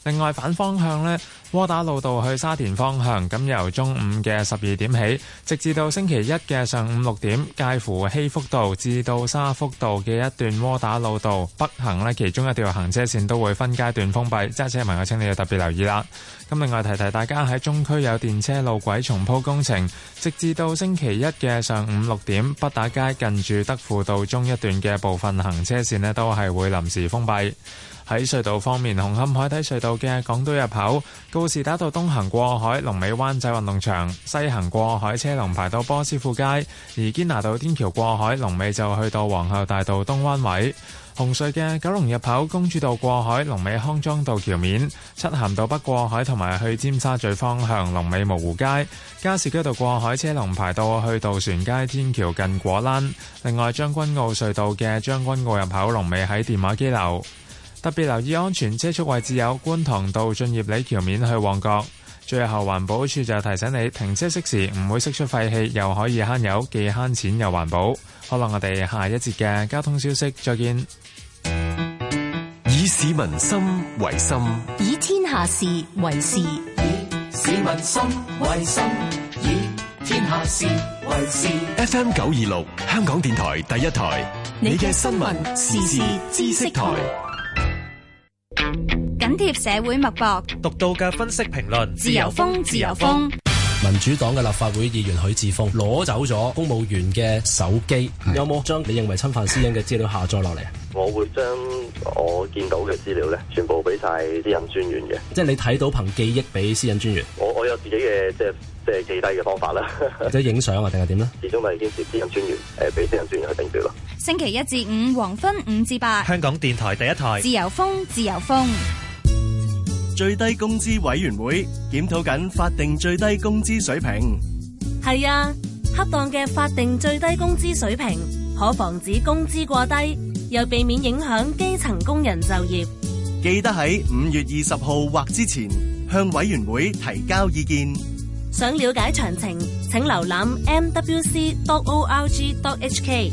另外反方向呢，窩打路道去沙田方向，咁由中午嘅十二點起，直至到星期一嘅上午六點，介乎希福道至到沙福道嘅一段窩打路道北行呢，其中一條行車線都會分階段封閉，揸車嘅朋友請你要特別留意啦。咁另外提提大家喺中區有電車路軌重鋪工程，直至到星期一嘅上午六點，北打街近住德輔道中一段嘅部分行車線呢，都係會臨時封閉。喺隧道方面，紅磡海底隧道嘅港島入口告士打道東行過海，龍尾灣仔運動場西行過海車龍排到波斯富街；而堅拿道天橋過海龍尾就去到皇后大道東灣位。紅隧嘅九龍入口公主道過海龍尾康莊道橋面，漆咸道北過海同埋去尖沙咀方向龍尾蕪湖街。加士居道過海車龍排到去渡船街天橋近果欄。另外，將軍澳隧道嘅將軍澳入口龍尾喺電話機樓。特別留意安全車速位置有觀塘道駿業里橋面，去旺角。最後環保處就提醒你，停車熄匙唔會釋出廢氣，又可以慳油，既慳錢又環保。好啦，我哋下一節嘅交通消息再見。以市民心為心，以天下事為事。以市民心為心，以天下事為事。F M 九二六，香港電台第一台，你嘅新聞時事知識台。貼社會脈搏，獨到嘅分析評論，自由風，自由風。民主黨嘅立法會議員許志峰攞走咗公務員嘅手機，有冇將你認為侵犯私隱嘅資料下載落嚟？我會將我見到嘅資料咧，全部俾晒啲私隱專員嘅。即係你睇到憑記憶俾私隱專員，我我有自己嘅即係即係記低嘅方法啦，或 <laughs> 者影相啊，定係點咧？始終咪係堅持私隱專員，誒、呃，俾私隱專員去定奪咯。星期一至五黃昏五至八，香港電台第一台，自由風，自由風。最低工資委員會檢討緊法定最低工資水平，係啊，恰當嘅法定最低工資水平可防止工資過低，又避免影響基層工人就業。記得喺五月二十號或之前向委員會提交意見。想了解詳情，請瀏覽 mwc.org.hk。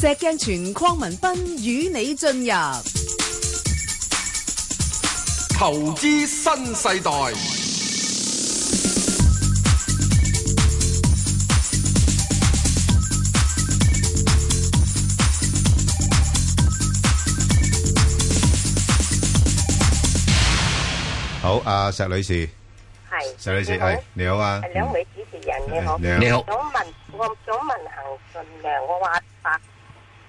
石鏡泉鄺民彬與你進入投資新世代。好，阿石女士，係 Hi, 石女士你好，你好啊，兩位主持人你好，你好。想問好，我唔想問行信良，我話。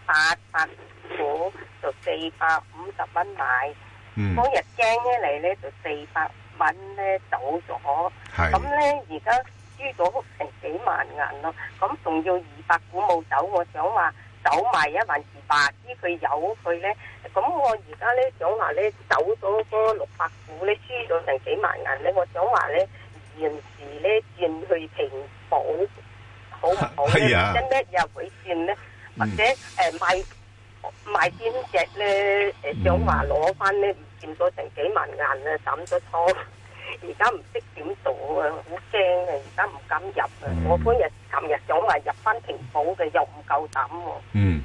八百股就四百五十蚊買，嗰日驚一嚟咧就四百蚊咧走咗，咁咧而家輸咗成幾萬銀咯，咁仲要二百股冇走，我想話走埋一萬二百支佢有佢咧，咁我而家咧想話咧走咗嗰六百股咧，輸咗成幾萬銀咧，我想話咧現時咧轉去平保好唔好咧？一一日會轉咧？或者誒買買邊隻咧？誒想話攞翻咧，唔見咗成幾萬銀啊，斬咗倉。而家唔識點做啊，好驚啊！而家唔敢入啊。我嗰日琴日想話入翻平保嘅，又唔夠膽喎。嗯，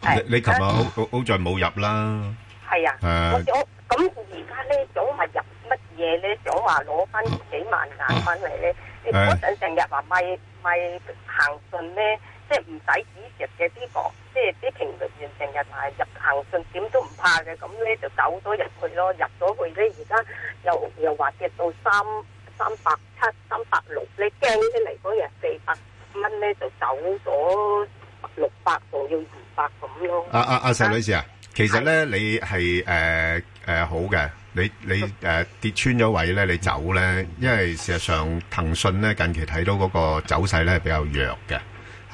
係。你你琴日好好好似冇入啦。係啊。誒。我我咁而家咧想話入乜嘢咧？想話攞翻幾萬銀翻嚟咧。誒。唔想成日話買買行進咧。即係唔使指跌嘅啲房，即係啲評論員成日話入騰訊點都唔怕嘅，咁咧就走咗入去咯。入咗去咧，而家又又話跌到三三百七、三百六，你驚出嚟嗰日四百蚊咧，就走咗六百到要二百咁咯。阿阿阿石女士啊，其實咧你係誒誒好嘅，你、呃呃、你誒、呃、跌穿咗位咧，你走咧，因為事實上騰訊咧近期睇到嗰個走勢咧比較弱嘅。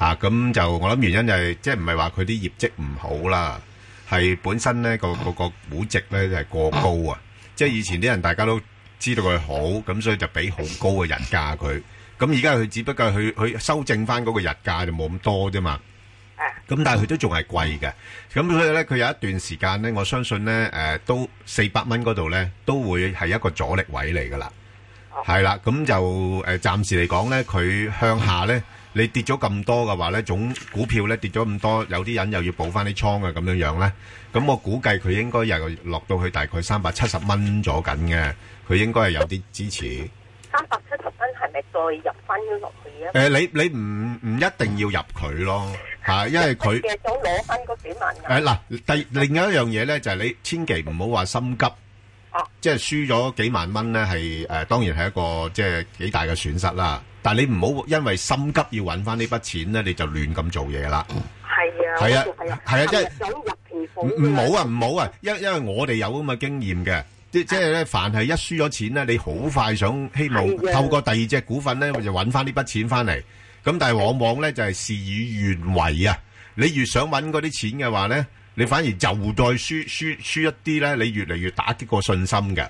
啊，咁就我諗原因就係、是，即係唔係話佢啲業績唔好啦，係本身呢個個個估值就係過高啊，啊即係以前啲人大家都知道佢好，咁所以就俾好高嘅日價佢、啊，咁而家佢只不過佢佢修正翻嗰個日價就冇咁多啫嘛，咁但係佢都仲係貴嘅，咁所以呢，佢有一段時間呢，我相信呢，誒、呃、都四百蚊嗰度呢，都會係一個阻力位嚟噶、啊、啦，係啦，咁就誒暫時嚟講呢，佢向下呢。你跌咗咁多嘅話呢，總股票呢跌咗咁多，有啲人又要補翻啲倉啊，咁樣樣呢。咁我估計佢應該又落到去大概三百七十蚊左緊嘅，佢應該係有啲支持。三百七十蚊係咪再入翻落去啊？誒，你你唔唔一定要入佢咯，嚇，因為佢嘅想攞翻嗰幾萬。誒嗱，第另一一樣嘢呢就係你千祈唔好話心急。哦。即係輸咗幾萬蚊呢，係誒當然係一個即係幾大嘅損失啦。但你唔好因為心急要揾翻呢筆錢咧，你就亂咁做嘢啦。係啊，係啊，係啊，即係想入唔好啊，唔好啊，因為因為我哋有咁嘅經驗嘅，的即即係咧，凡係一輸咗錢咧，你好快想希望的透過第二隻股份咧，咪就揾翻呢筆錢翻嚟。咁但係往往咧就係事與願違啊！你越想揾嗰啲錢嘅話咧，你反而又再輸輸輸一啲咧，你越嚟越打擊個信心嘅。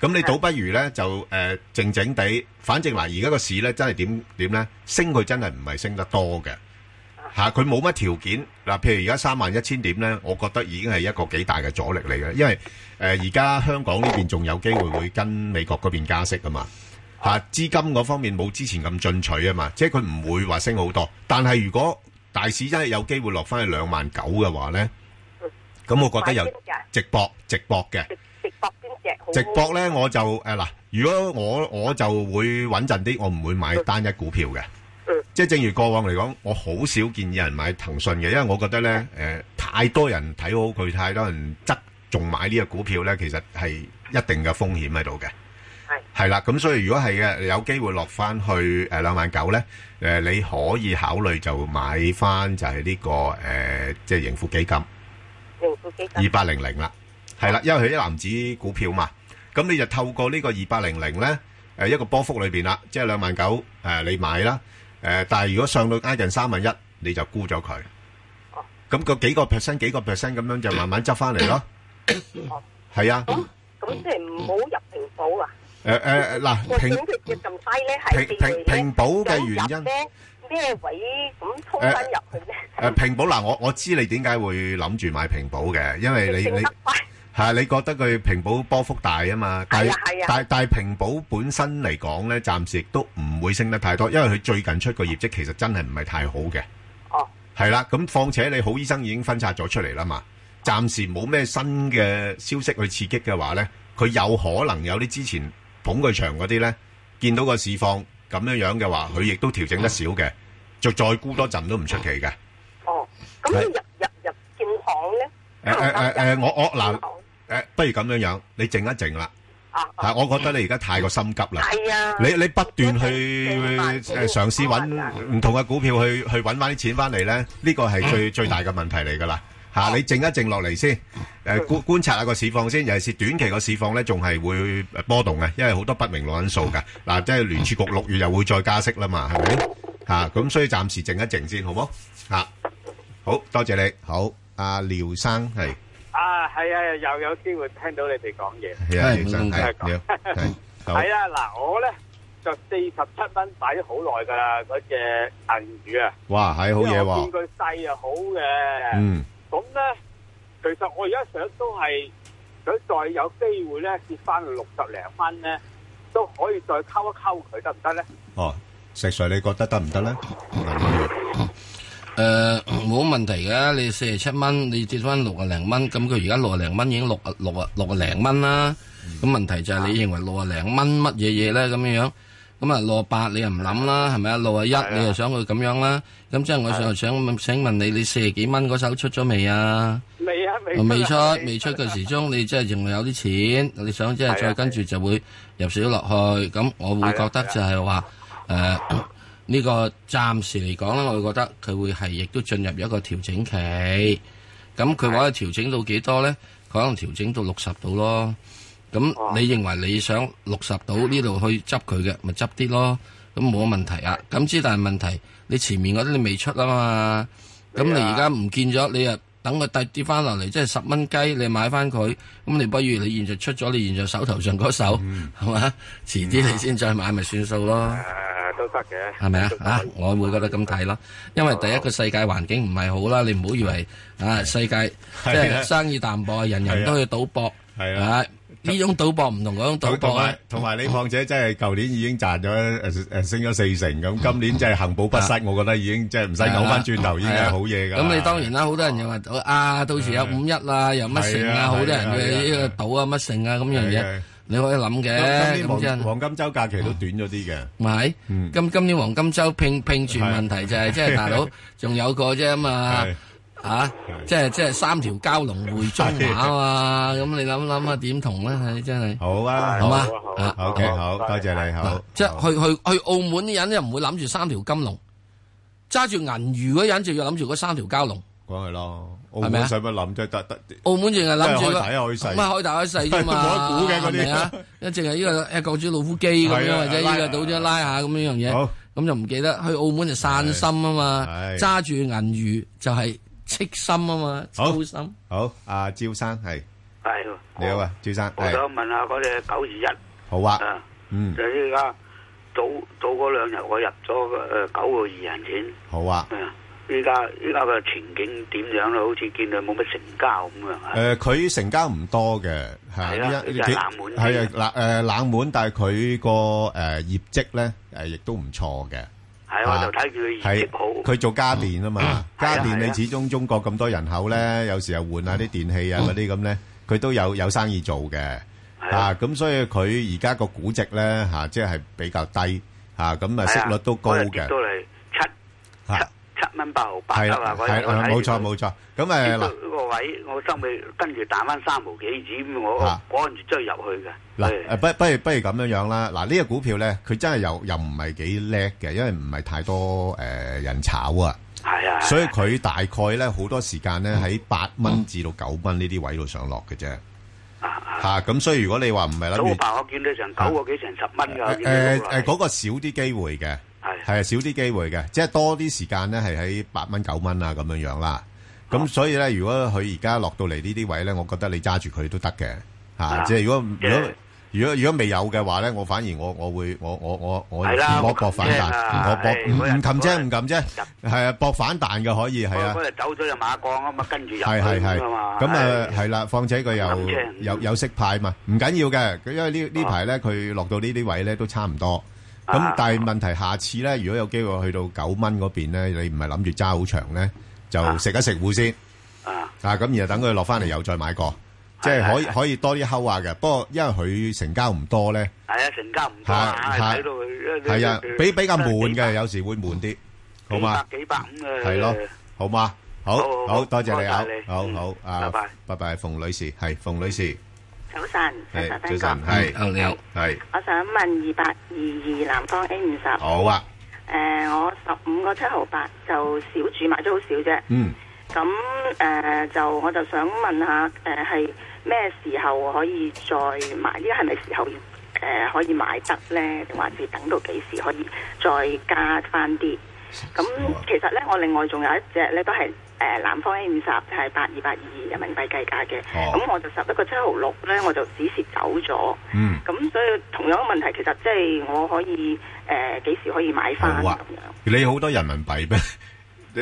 咁你倒不如咧就誒靜靜地，反正嗱而家個市咧真係點點咧升佢真係唔係升得多嘅，吓，佢冇乜條件嗱，譬如而家三萬一千點咧，我覺得已經係一個幾大嘅阻力嚟嘅，因為誒而家香港呢邊仲有機會會跟美國嗰邊加息啊嘛吓，資金嗰方面冇之前咁進取啊嘛，即係佢唔會話升好多。但係如果大市真係有機會落翻去兩萬九嘅話咧，咁我覺得又直播直播嘅。直播呢，我就誒嗱、啊，如果我我就會穩陣啲，我唔會買單一股票嘅。嗯嗯、即係正如過往嚟講，我好少建議人買騰訊嘅，因為我覺得呢，誒太多人睇好佢，太多人執仲買呢個股票呢，其實係一定嘅風險喺度嘅。係係啦，咁所以如果係嘅，有機會落翻去誒兩萬九呢，誒、呃、你可以考慮就買翻就係呢、這個誒即係盈富基金，盈富基金二八零零啦。200. 係啦，因為佢一籃子股票嘛，咁你就透過呢個二八零零咧，誒一個波幅裏邊啦，即係兩萬九誒你買啦，誒但係如果上到挨近三萬一，你就沽咗佢，咁個幾個 percent 幾個 percent 咁樣就慢慢執翻嚟。咯，係啊，咁即係唔好入平保啊，誒誒嗱，平息跌咁低咧係平平平保嘅原因咩位咁衝翻入去咧？誒平保嗱我我知你點解會諗住買平保嘅，因為你你。係啊，你覺得佢平保波幅大啊嘛？係啊，係啊，但但平保本身嚟講呢，暫時都唔會升得太多，因為佢最近出個業績其實真係唔係太好嘅。哦。係啦，咁況且你好醫生已經分拆咗出嚟啦嘛，暫時冇咩新嘅消息去刺激嘅話呢，佢有可能有啲之前捧佢場嗰啲呢，見到個市況咁樣樣嘅話，佢亦都調整得少嘅，就再沽多陣都唔出奇嘅。哦，咁入入入建行呢？誒誒我我嗱。不如咁樣樣，你靜一靜啦。啊，我覺得你而家太過心急啦。係啊。你你不斷去嘗試揾唔同嘅股票去去揾翻啲錢翻嚟咧，呢個係最最大嘅問題嚟噶啦。吓，你靜一靜落嚟先。誒，觀觀察下個市況先，尤其是短期個市況咧，仲係會波動嘅，因為好多不明朗因素噶。嗱，即係聯儲局六月又會再加息啦嘛，係咪？吓，咁所以暫時靜一靜先，好冇？啊，好多謝你，好，阿廖生係。啊，係啊，又有機會聽到你哋講嘢。係啊，係啊，係。好，係啊，嗱，我咧就四十七蚊擺咗好耐㗎啦，嗰隻銀魚啊。哇，係好嘢喎。因為我見佢細又好嘅。嗯。咁咧，其實我而家想都係想再有機會咧，跌翻六十零蚊咧，都可以再溝一溝佢得唔得咧？哦，石 Sir，你覺得得唔得咧？誒，冇、呃、問題噶，你四十七蚊，你跌翻六啊零蚊，咁佢而家六啊零蚊已經六六啊六啊零蚊啦。咁、嗯、問題就係你認為六啊零蚊乜嘢嘢咧？咁樣樣，咁啊六啊八你又唔諗啦，係咪啊？六啊一你又想佢咁樣啦。咁即係我又想的請問你，你四幾蚊嗰手出咗未啊？未啊，未出，未出，嘅時候， <laughs> 你即係仲有啲錢，你想即係再跟住就會入少落去。咁我會覺得就係話誒。呢個暫時嚟講啦，我覺得佢會係亦都進入一個調整期。咁佢話調整到幾多咧？可能調整到六十度咯。咁你認為你想六十度呢度去執佢嘅，咪執啲咯。咁冇問題啊。咁之但係問題，你前面嗰啲你未出啊嘛。咁、啊、你而家唔見咗，你又等佢跌跌翻落嚟，即係十蚊雞你買翻佢。咁你不如你現在出咗，你現在手頭上嗰手，係嘛、嗯？遲啲你先再買咪、嗯、算數咯。都得嘅，係咪啊？啊，我會覺得咁睇咯，因為第一個世界環境唔係好啦，你唔好以為啊，世界即係生意淡薄，人人都去賭博，係啊，呢種賭博唔同嗰種賭博啊。同埋你況且真係舊年已經賺咗誒誒，升咗四成咁，今年即係幸保不失，我覺得已經即係唔使扭翻轉頭，已經係好嘢噶。咁你當然啦，好多人又話啊，到時有五一啊，又乜成啊，好多人去賭啊，乜成啊，咁樣嘢。你可以諗嘅，今年黃金周假期都短咗啲嘅，唔係，今今年黃金周拼拼存問題就係，即係大佬仲有個啫嘛，啊，即係即係三條蛟龍回中馬嘛，咁你諗諗啊，點同咧？係真係，好啊，好啊，OK，好，多謝你，好，即係去去去澳門啲人又唔會諗住三條金龍，揸住銀魚嗰人就要諗住嗰三條蛟龍，咁係咯。係咪啊？上邊諗就係得得，澳門淨係諗住開大開細，開大開細啫嘛。都冇得估嘅嗰啲啊，一淨係依個一股豬老虎機咁樣，或者依個賭咗拉下咁樣樣嘢，咁就唔記得。去澳門就散心啊嘛，揸住銀魚就係戚心啊嘛，操心。好，阿趙生係，係你好啊，趙生，我想問下嗰隻九二一，好啊，嗯，就依家早早嗰兩日，我入咗誒九個二銀錢，好啊。依家依家個前景點樣咧？好似見到冇乜成交咁啊！誒，佢成交唔多嘅，係啦，係冷門，係啊，冷誒冷門。但係佢個誒業績咧，誒亦都唔錯嘅。係我就睇佢業績好。佢做家電啊嘛，家電你始終中國咁多人口咧，有時又換下啲電器啊嗰啲咁咧，佢都有有生意做嘅。啊，咁所以佢而家個估值咧吓，即係比較低吓，咁啊息率都高嘅。我哋都係七七。一蚊八毫八係啊，冇錯冇錯。咁誒嗱，個位我收尾跟住彈翻三毫幾紙，我趕住追入去嘅。嗱不不如不如咁樣樣啦。嗱呢隻股票咧，佢真係又又唔係幾叻嘅，因為唔係太多誒人炒啊。係啊，所以佢大概咧好多時間咧喺八蚊至到九蚊呢啲位度上落嘅啫。啊嚇，咁所以如果你話唔係咧，都八毫幾咧，成九個幾成十蚊噶。誒誒，嗰個少啲機會嘅。係係啊，少啲機會嘅，即係多啲時間咧，係喺八蚊九蚊啊咁樣樣啦。咁所以咧，如果佢而家落到嚟呢啲位咧，我覺得你揸住佢都得嘅嚇。即係如果如果如果如果未有嘅話咧，我反而我我會我我我我我搏搏反彈，我搏唔唔擒啫，唔擒啫。係啊，搏反彈嘅可以係啊。走咗就馬降啊嘛，跟住入嚟啊嘛。咁誒係啦，放住一個有有有息派嘛，唔緊要嘅。佢因為呢呢排咧，佢落到呢啲位咧都差唔多。咁但係問題，下次咧，如果有機會去到九蚊嗰邊咧，你唔係諗住揸好長咧，就食一食糊先。啊啊，咁然後等佢落翻嚟又再買過，即係可以可以多啲 hold 下嘅。不過因為佢成交唔多咧。係啊，成交唔多啊，喺係啊，比比較悶嘅，有時會悶啲。好嘛，幾百係咯，好嘛，好好多謝你啊，好好啊，拜拜，拜拜，馮女士係馮女士。早晨，是早晨，係你好，係是。我想問二八二二南方 A 五十。好啊。誒、呃，我十五個七毫八就小注買咗好少啫。嗯。咁誒、呃，就我就想問下，誒、呃，係咩時候可以再買？呢個係咪時候誒、呃、可以買得咧？定還是等到幾時可以再加翻啲？咁其實咧，我另外仲有一隻咧都係。誒南方 A 五十就係八二八二人民幣計價嘅，咁、oh. 我就十一個七毫六咧，我就止蝕走咗。嗯，咁所以同樣嘅問題其實即係我可以誒幾、呃、時可以買翻、oh, wow. 樣你好多人民幣咩？ <laughs>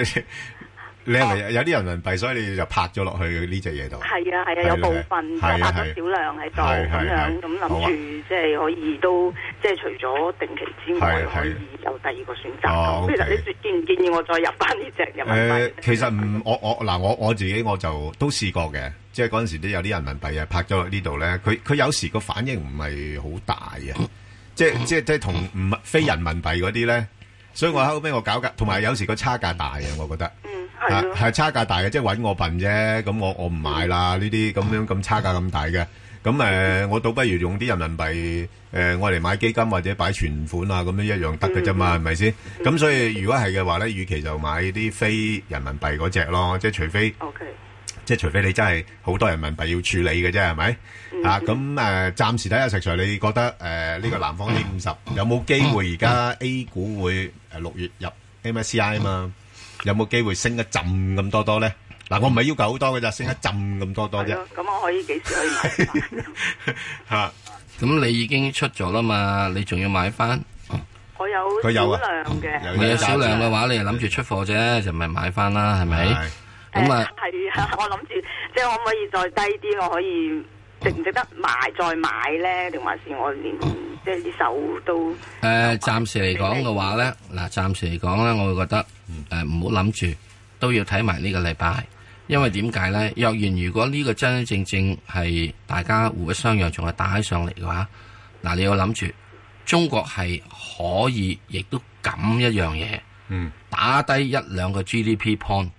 你係有啲人民幣，所以你就拍咗落去呢隻嘢度。係啊係啊，有部分，拍咗少量係在咁樣咁諗住，即係可以都即係除咗定期之外，可以有第二個選擇。嗱，你建唔建議我再入翻呢隻人民幣？誒，其實唔，我我嗱，我我自己我就都試過嘅，即係嗰陣時都有啲人民幣啊，拍咗落呢度咧。佢佢有時個反應唔係好大啊，即係即係即係同唔非人民幣嗰啲咧，所以我後尾我搞價，同埋有時個差價大啊，我覺得。係係、啊啊、差價大嘅，即係搵我笨啫。咁我我唔買啦。呢啲咁樣咁差價咁大嘅，咁誒、呃、我倒不如用啲人民幣誒，我、呃、嚟買基金或者擺存款啊，咁樣一樣得嘅啫嘛，係咪先？咁、嗯、所以如果係嘅話咧，與其就買啲非人民幣嗰隻咯，即係除非，Okay. 即係除非你真係好多人民幣要處理嘅啫，係咪？嗯嗯啊，咁誒，暫時睇下，石 Sir, 你覺得誒呢、呃這個南方 A50 有冇機會而家 A 股會誒六月入 MSCI 啊嘛？有冇機會升一浸咁多多咧？嗱，我唔係要求好多嘅咋，升一浸咁多多啫。咁我可以幾時可以買？嚇，咁你已經出咗啦嘛，你仲要買翻？我有少量嘅。你有少量嘅話，你又諗住出貨啫，就唔係買翻啦，係咪？咁啊，係啊，我諗住，即係可唔可以再低啲？我可以。值唔值得買再買咧？定還是我連即係啲手都？誒、呃，暫時嚟講嘅話咧，嗱，暫時嚟講咧，我會覺得誒唔好諗住，都要睇埋呢個禮拜，因為點解咧？若然如果呢個真真正正係大家互不相讓，仲係打起上嚟嘅話，嗱、呃，你要諗住中國係可以，亦都咁一樣嘢，嗯，打低一兩個 GDP point。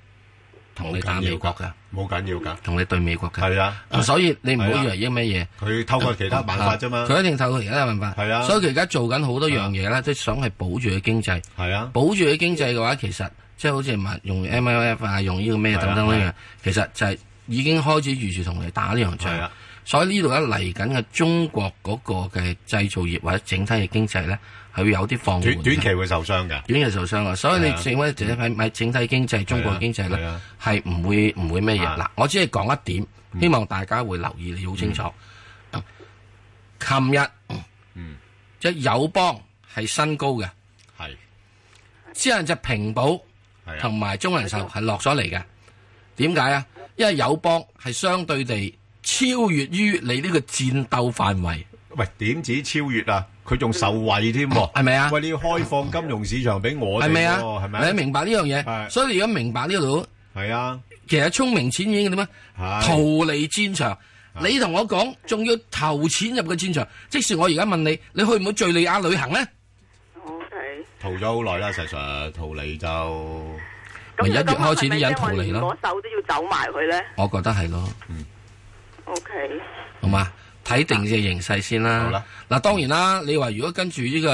同你打美國嘅，冇緊要噶，同你對美國嘅，係啊。所以你唔好以為應咩嘢，佢透、啊、過其他辦法啫嘛，佢、啊、一定透過其他嘅辦法。係啊。所以佢而家做緊好多樣嘢啦，啊、即係想係保住佢經濟。係啊。保住佢經濟嘅話，其實即係好似問用 MLF、MM、啊，用呢個咩等等呢樣，啊啊、其實就係已經開始預住同你打呢樣仗。啊。所以呢度呢，嚟緊嘅中國嗰個嘅製造業或者整體嘅經濟咧。係會有啲放緩，短期會受傷嘅，短期受傷啊！所以你整乜嘢整體咪整體經濟，中國經濟咧係唔會唔會咩嘢？嗱，我只係講一點，希望大家會留意，你好清楚。琴日，嗯，即友邦係新高嘅，係，之後只平保，同埋中人壽係落咗嚟嘅。點解啊？因為友邦係相對地超越於你呢個戰鬥範圍。喂，點止超越啊？佢仲受惠添喎，係咪啊？喂，你要開放金融市場俾我哋喎，係咪？你明白呢樣嘢，所以你而家明白呢個，係啊，其實聰明錢已經點啊？逃離戰場，你同我講，仲要投錢入個戰場。即使我而家問你，你去唔去敍利亞旅行咧？O K，逃咗好耐啦，石 Sir，逃離就咁一月開始啲人逃離咯，我手都要走埋佢咧。我覺得係咯，嗯，O K，好嘛？睇定嘅形勢先啦。嗱，好啦，當然啦，你話如果跟住呢、呢個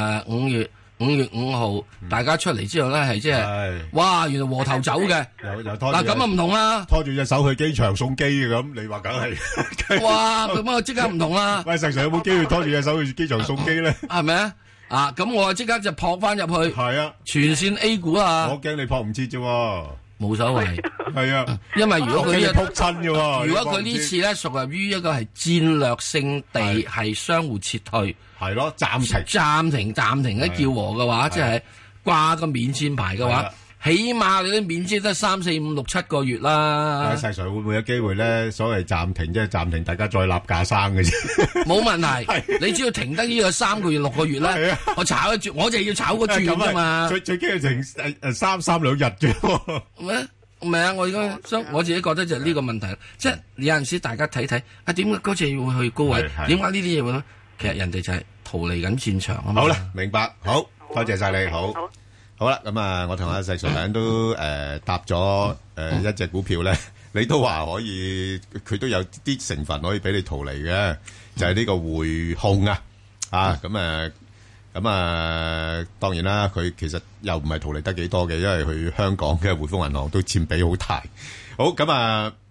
誒五、呃、月五月五號、嗯、大家出嚟之後咧，係即係哇，原來和頭走嘅。嗱，咁啊唔同啦，拖住隻手去機場送機嘅咁，你話梗係哇，咁啊即刻唔同啦。 <laughs> 喂，石常有冇機會拖住隻手去機場送機咧？係咪 <laughs> 啊係咪？啊，咁我啊即刻就撲翻入去。係啊，全線 A 股啊。我驚你撲唔切啫。冇所謂，係啊，因為如果佢呢一撲親嘅喎， <laughs> 如果佢呢次咧，屬入於一個係戰略性地係相互撤退，係咯，暫停，暫停暫停一叫和嘅話，的即係掛個免戰牌嘅話。起碼你都免知得三四五六七個月啦。睇世常會唔會有機會咧？所謂暫停即係暫停，大家再立架生嘅啫。冇問題，你只要停得呢個三個月六個月啦。我炒一住，我就要炒個注啫嘛。最最驚係停誒誒三三兩日啫咩？唔係啊，我而家想我自己覺得就係呢個問題。即係有陣時大家睇睇啊，點解嗰次會去高位？點解呢啲嘢會咧？其實人哋就係逃離緊戰場啊嘛。好啦，明白。好，多謝晒你。好。好啦，咁、嗯、啊，我同阿石崇炳都誒、呃、搭咗誒、呃、一隻股票咧，你都話可以，佢都有啲成分可以俾你逃離嘅，就係、是、呢個匯控啊！啊，咁、嗯、啊，咁、嗯、啊、嗯嗯，當然啦，佢其實又唔係逃離得幾多嘅，因為佢香港嘅匯豐銀行都佔比好大。好咁啊！嗯嗯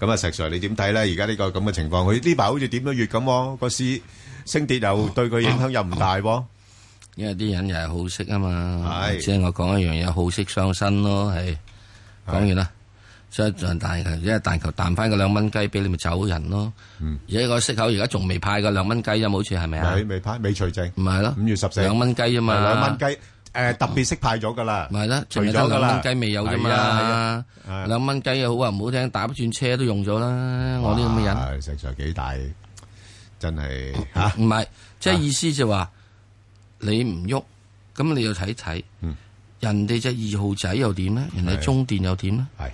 咁啊，石 Sir 你點睇咧？而家呢個咁嘅情況，佢呢排好似點咗穴咁，個市升跌又對佢影響又唔大喎。因為啲人又係好色啊嘛，即係我講一樣嘢，好色傷身咯。係，講完啦，所以但求因為但求彈翻個兩蚊雞俾你咪走人咯。而家個息口而家仲未派個兩蚊雞啊，好似係咪啊？未未派未除證，唔係咯，五月十四兩蚊雞啊嘛，兩蚊雞。誒，特別識派咗噶啦，咪啦，除咗兩蚊雞未有啫嘛，兩蚊雞又好話、啊、唔好聽，打轉車都用咗啦，哇我呢咁嘅人，實在幾大，真係吓，唔係，即係意思就話你唔喐，咁你又睇睇，嗯、人哋隻二號仔又點咧，人哋中電又點咧，係、啊，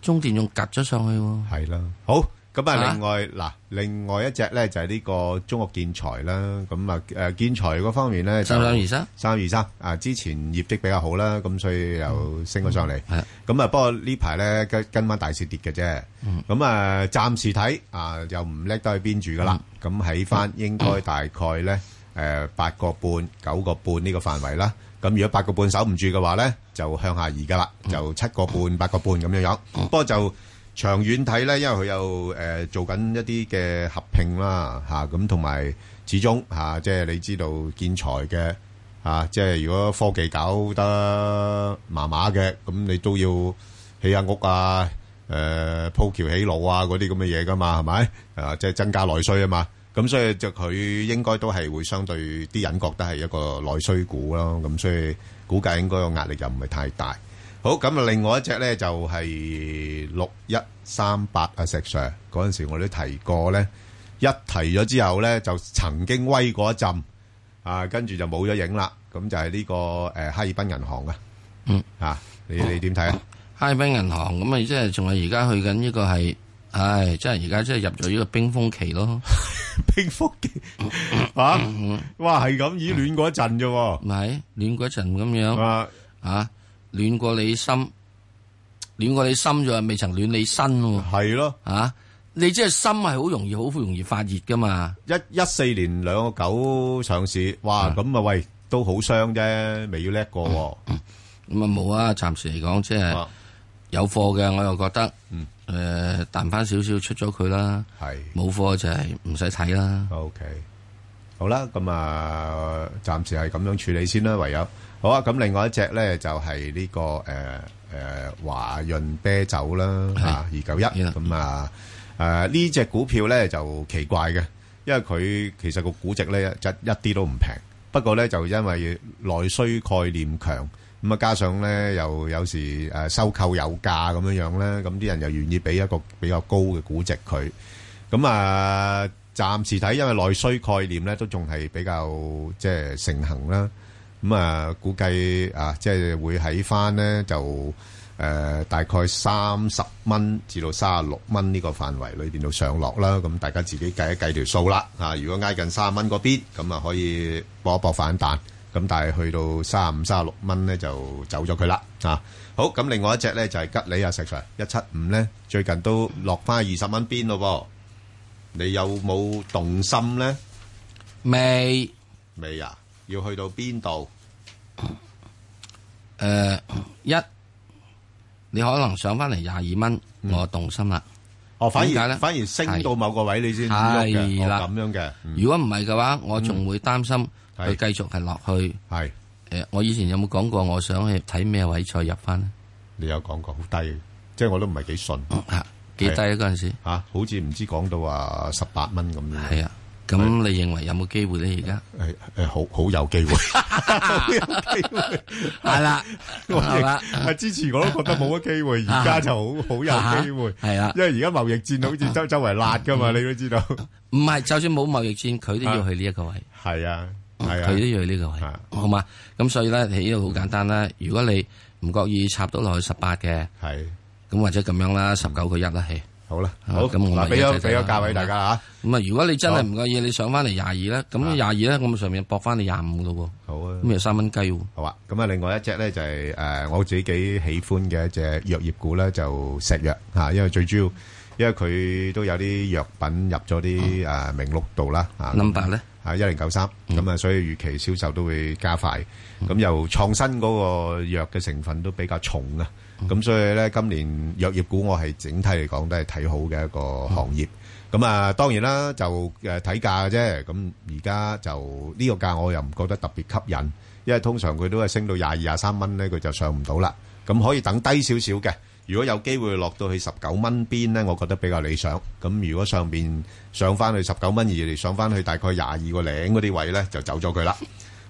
中電仲夾咗上去，係啦、啊啊，好。咁啊，另外嗱，另外一隻咧就係呢個中國建材啦。咁啊，誒建材嗰方面咧就三三二三，三二三啊，之前業績比較好啦，咁所以又升咗上嚟。係。咁啊，不過呢排咧跟跟翻大市跌嘅啫。嗯。咁啊，暫時睇啊，又唔叻得去邊住噶啦。咁喺翻應該大概咧誒八個半九個半呢個範圍啦。咁如果八個半守唔住嘅話咧，就向下移噶啦，就七個半八個半咁樣樣。嗯。不過就。長遠睇咧，因為佢又誒做緊一啲嘅合併啦，嚇咁同埋始終嚇、啊，即係你知道建材嘅嚇，即係如果科技搞得麻麻嘅，咁你都要起下屋啊，誒、呃、鋪橋起路啊，嗰啲咁嘅嘢噶嘛，係咪？啊，即係增加內需啊嘛，咁、啊、所以就佢應該都係會相對啲人覺得係一個內需股咯，咁、啊、所以估計應該個壓力又唔係太大。好咁啊！另外一隻咧就係六一三八啊，石 Sir 嗰陣時我都提過咧，一提咗之後咧就曾經威過一陣啊，跟住就冇咗影啦。咁就係呢、這個誒、呃、哈爾濱銀行啊，嗯啊，你你點睇啊？哈爾濱銀行咁啊，即係仲係而家去緊呢個係，唉、哎，即係而家即係入咗呢個冰封期咯， <laughs> 冰封期，啊嗯嗯、哇哇係咁已經暖過一陣啫，咪暖過一陣咁樣啊啊！暖過你心，暖過你心就，未曾暖你身喎。係咯，啊，你即係心係好容易，好容易發熱噶嘛。一一四年兩個九上市，哇，咁啊喂，都好傷啫，未要叻過。咁啊冇啊，暫時嚟講即係有貨嘅，我又覺得，誒彈翻少少出咗佢啦。係冇貨就係唔使睇啦。O K，好啦，咁啊暫時係咁樣處理先啦，唯有。好啊，咁另外一隻呢，這個，就係呢個誒誒華潤啤酒啦，吓，二九一，咁啊誒呢隻股票呢，就奇怪嘅，因為佢其實個估值呢，一一啲都唔平，不過呢，就因為內需概念強，咁啊加上呢，又有時誒收購有價咁樣樣咧，咁啲人又願意俾一個比較高嘅估值佢，咁啊暫時睇，因為內需概念呢，都仲係比較即係盛行啦。咁啊、嗯，估計啊，即係會喺翻呢，就誒、呃、大概三十蚊至到三十六蚊呢個範圍裏邊度上落啦。咁、嗯、大家自己計一計條數啦。啊，如果挨近三十蚊嗰邊，咁啊可以搏一搏反彈。咁、嗯、但係去到三十五、三十六蚊呢，就走咗佢啦。啊，好。咁另外一隻呢，就係、是、吉利啊，石 Sir 一七五呢，最近都落翻二十蚊邊咯噃。你有冇動心呢？未未啊，要去到邊度？誒，uh, 一你可能上翻嚟廿二蚊，我動心啦。哦，反而反而升到某個位，是你先係啦咁樣嘅。嗯、如果唔係嘅話，我仲會擔心佢繼續係落去。係誒的、呃，我以前有冇講過，我想去睇咩位再入翻咧？你有講過好低，即係我都唔係幾信。吓、 <laughs> 啊，幾低嗰陣時？吓、啊，好似唔知講到話十八蚊咁樣。係啊的。咁你認為有冇機會咧？而家係係好好有機會，好有機會，係啦，係啦，係之前我都覺得冇乜機會，而家就好好有機會，係啊，因為而家貿易戰好似周周圍辣噶嘛，你都知道。唔係，就算冇貿易戰，佢都要去呢一個位。係啊，係啊，佢都要去呢個位，好嘛？咁所以咧，呢度好簡單啦。如果你唔覺意插到落去十八嘅，係咁或者咁樣啦，十九個一啦，係。好啦，好咁我咪俾咗俾咗價位大家吓。咁啊，如果你真係唔介意，你上翻嚟廿二啦。咁廿二咧，咁上面搏翻你廿五嘅咯。好啊，咁又三蚊雞喎。好啊，咁啊，另外一隻咧就係誒我自己幾喜歡嘅一隻藥業股咧就石藥吓，因為最主要因為佢都有啲藥品入咗啲誒名錄度啦。number 咧啊一零九三，咁啊所以預期銷售都會加快，咁又創新嗰個藥嘅成分都比較重啊。咁所以咧，今年藥業股我係整體嚟講都係睇好嘅一個行業。咁啊，當然啦，就誒睇價嘅啫。咁而家就呢個價，我又唔覺得特別吸引，因為通常佢都係升到廿二、廿三蚊咧，佢就上唔到啦。咁可以等低少少嘅，如果有機會落到去十九蚊邊咧，我覺得比較理想。咁如果上面上翻去十九蚊二，上翻去大概廿二個零嗰啲位咧，就走咗佢啦。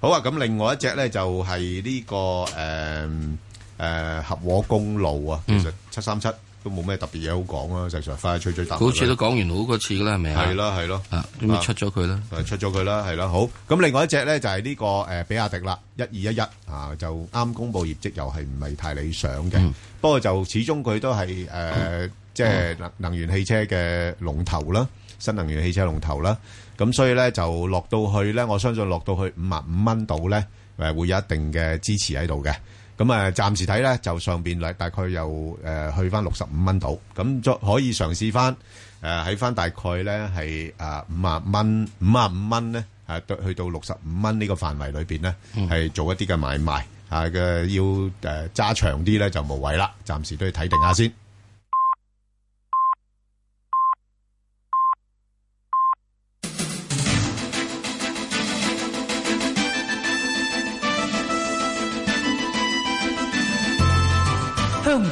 好啊，咁另外一隻咧就係呢個誒。誒，合和公路啊，其實七三七，都冇咩特別嘢好講咯，就隨快吹吹彈。好似都講完好多次啦，係咪啊？係咯係咯，點解出咗佢咧？誒，出咗佢啦，係啦。好，咁另外一隻咧就係呢個誒比亞迪啦，一二一一啊，就啱公布業績又係唔係太理想嘅，不過就始終佢都係誒即係能能源汽車嘅龍頭啦，新能源汽車龍頭啦，咁所以咧就落到去咧，我相信落到去五萬五蚊度咧誒，會有一定嘅支持喺度嘅。咁啊，暫時睇咧就上邊大大概又誒去翻六十五蚊度，咁再可以嘗試翻誒喺翻大概咧係啊五十蚊五十五蚊咧啊去到六十五蚊呢個範圍裏邊咧係做一啲嘅買賣，啊嘅要誒揸長啲咧就無謂啦，暫時都要睇定下先。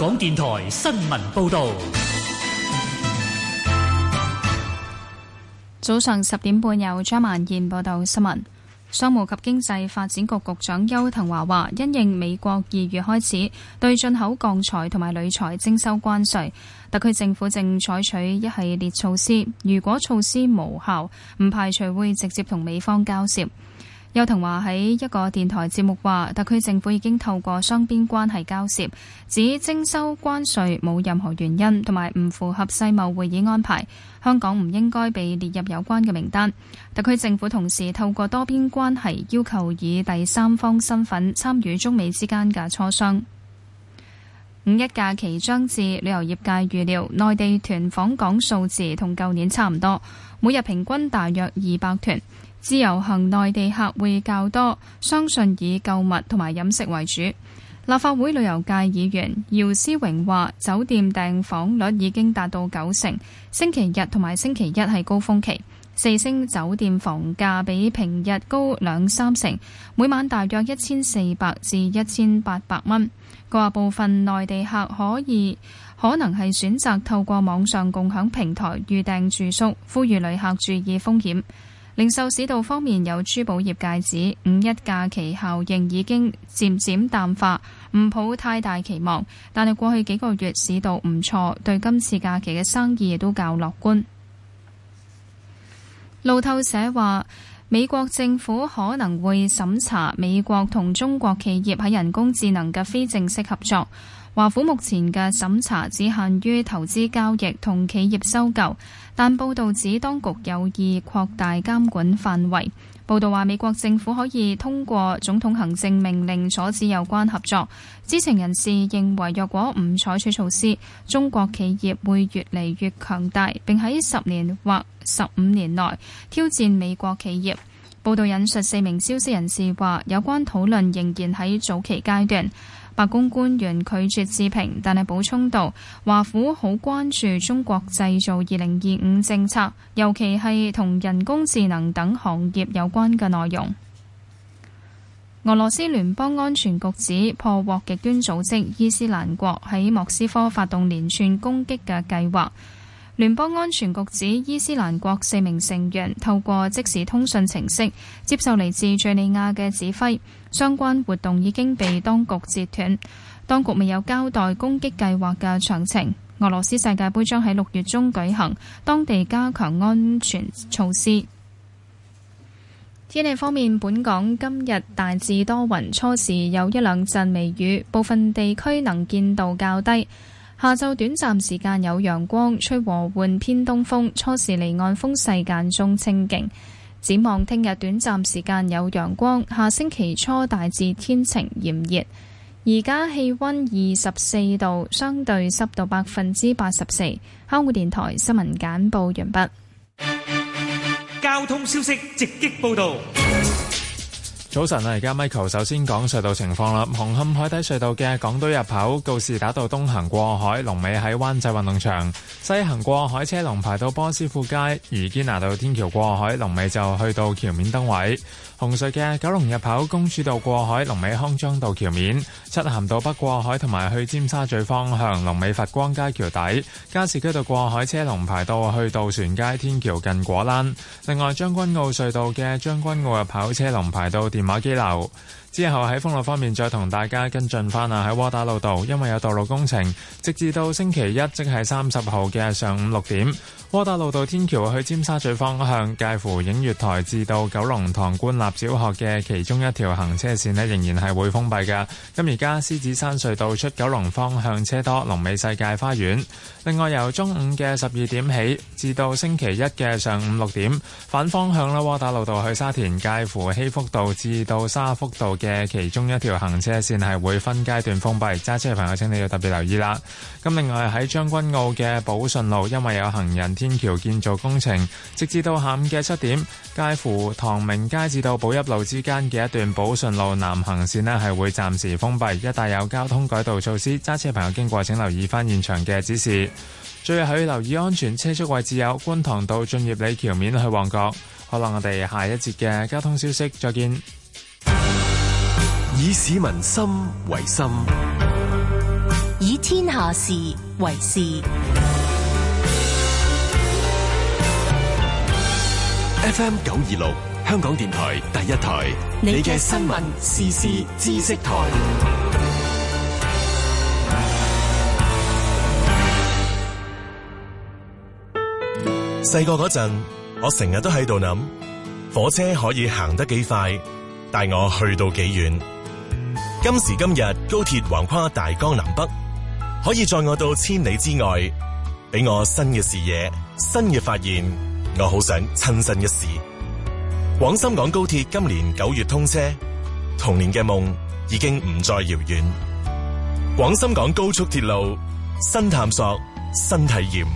港電台新聞報道，早上十點半有張曼燕報道新聞。商務及經濟發展局局長邱騰華話，因應美國二月開始對進口鋼材同埋鋁材徵收關稅，特區政府正採取一系列措施。如果措施無效，唔排除會直接同美方交涉。邱騰華喺一個電台節目話，特區政府已經透過雙邊關係交涉，指徵收關稅冇任何原因，同埋唔符合世貿會議安排。香港唔應該被列入有關嘅名單。特區政府同時透過多邊關係要求以第三方身份參與中美之間嘅磋商。五一假期將至，旅遊業界預料內地團訪港數字同舊年差唔多，每日平均大約二百團。自由行內地客會較多，相信以購物同埋飲食為主。立法會旅遊界議員姚思榮話：酒店訂房率已經達到九成，星期日同埋星期一係高峰期，四星酒店房價比平日高兩三成，每晚大約一千四百至一千八百蚊。佢話部分內地客可以可能係選擇透過網上共享平台預訂住宿，呼籲旅客注意風險。零售市道方面，有珠寶業界指五一假期效應已經漸漸淡化，唔抱太大期望。但係過去幾個月市道唔錯，對今次假期嘅生意亦都較樂觀。路透社話，美國政府可能會審查美國同中國企業喺人工智能嘅非正式合作。華府目前嘅審查只限於投資交易同企業收購。但報道指當局有意擴大監管範圍。報道話，美國政府可以通過總統行政命令阻止有關合作。知情人士認為，若果唔採取措施，中國企業會越嚟越強大，並喺十年或十五年內挑戰美國企業。報道引述四名消息人士話，有關討論仍然喺早期階段。白宮官員拒絕置評，但係補充道：華府好關注中國製造2025政策，尤其係同人工智能等行業有關嘅內容。俄羅斯聯邦安全局指破獲極端組織伊斯蘭國喺莫斯科發動連串攻擊嘅計劃。聯邦安全局指伊斯蘭國四名成員透過即時通訊程式接受嚟自敘利亞嘅指揮。相關活動已經被當局截斷，當局未有交代攻擊計劃嘅詳情。俄羅斯世界盃將喺六月中舉行，當地加強安全措施。天氣方面，本港今日大致多雲，初時有一兩陣微雨，部分地區能見度較低。下晝短暫時間有陽光，吹和緩偏東風，初時離岸風勢間中清勁。展望聽日短暫時間有陽光，下星期初大致天晴炎熱。而家氣温二十四度，相對濕度百分之八十四。香港電台新聞簡報完畢。交通消息直擊報導。早晨啊，而家 Michael 首先講隧道情況啦。紅磡海底隧道嘅港島入口告士打道東行過海，龍尾喺灣仔運動場；西行過海車龍排到波斯富街，而堅拿道天橋過海龍尾就去到橋面燈位。紅隧嘅九龍入口公主道過海、龍尾康莊道橋面、漆咸道北過海同埋去尖沙咀方向、龍尾佛光街橋底、加士居道過海車龍排到去渡船街天橋近果欄；另外將軍澳隧道嘅將軍澳入口車龍排到電話機樓。之後喺封路方面再同大家跟進返啊！喺窩打老道，因為有道路工程，直至到星期一，即係三十號嘅上午六點，窩打老道天橋去尖沙咀方向，介乎映月台至到九龍塘官立小學嘅其中一條行車線咧，仍然係會封閉嘅。咁而家獅子山隧道出九龍方向,向車多，龍尾世界花園。另外，由中午嘅十二點起至到星期一嘅上午六點，反方向啦，窩打老道去沙田介乎希福道至到沙福道。嘅其中一條行車線係會分階段封閉，揸車嘅朋友請你要特別留意啦。咁另外喺將軍澳嘅寶順路，因為有行人天橋建造工程，直至到下午嘅七點，介乎唐明街至到寶邑路之間嘅一段寶順路南行線咧係會暫時封閉，一帶有交通改道措施。揸車嘅朋友經過請留意翻現場嘅指示，最後要留意安全車速位置有觀塘道進業里橋面去旺角。可能我哋下一節嘅交通消息，再見。以市民心為心，以天下事為事。FM 九二六，香港電台第一台，你嘅新聞、時事、知識台。細個嗰陣，我成日都喺度諗，火車可以行得幾快，帶我去到幾遠。今時今日，高鐵橫跨大江南北，可以載我到千里之外，俾我新嘅視野、新嘅發現。我好想親身一試。廣深港高鐵今年九月通車，童年嘅夢已經唔再遙遠。廣深港高速鐵路，新探索，新體驗。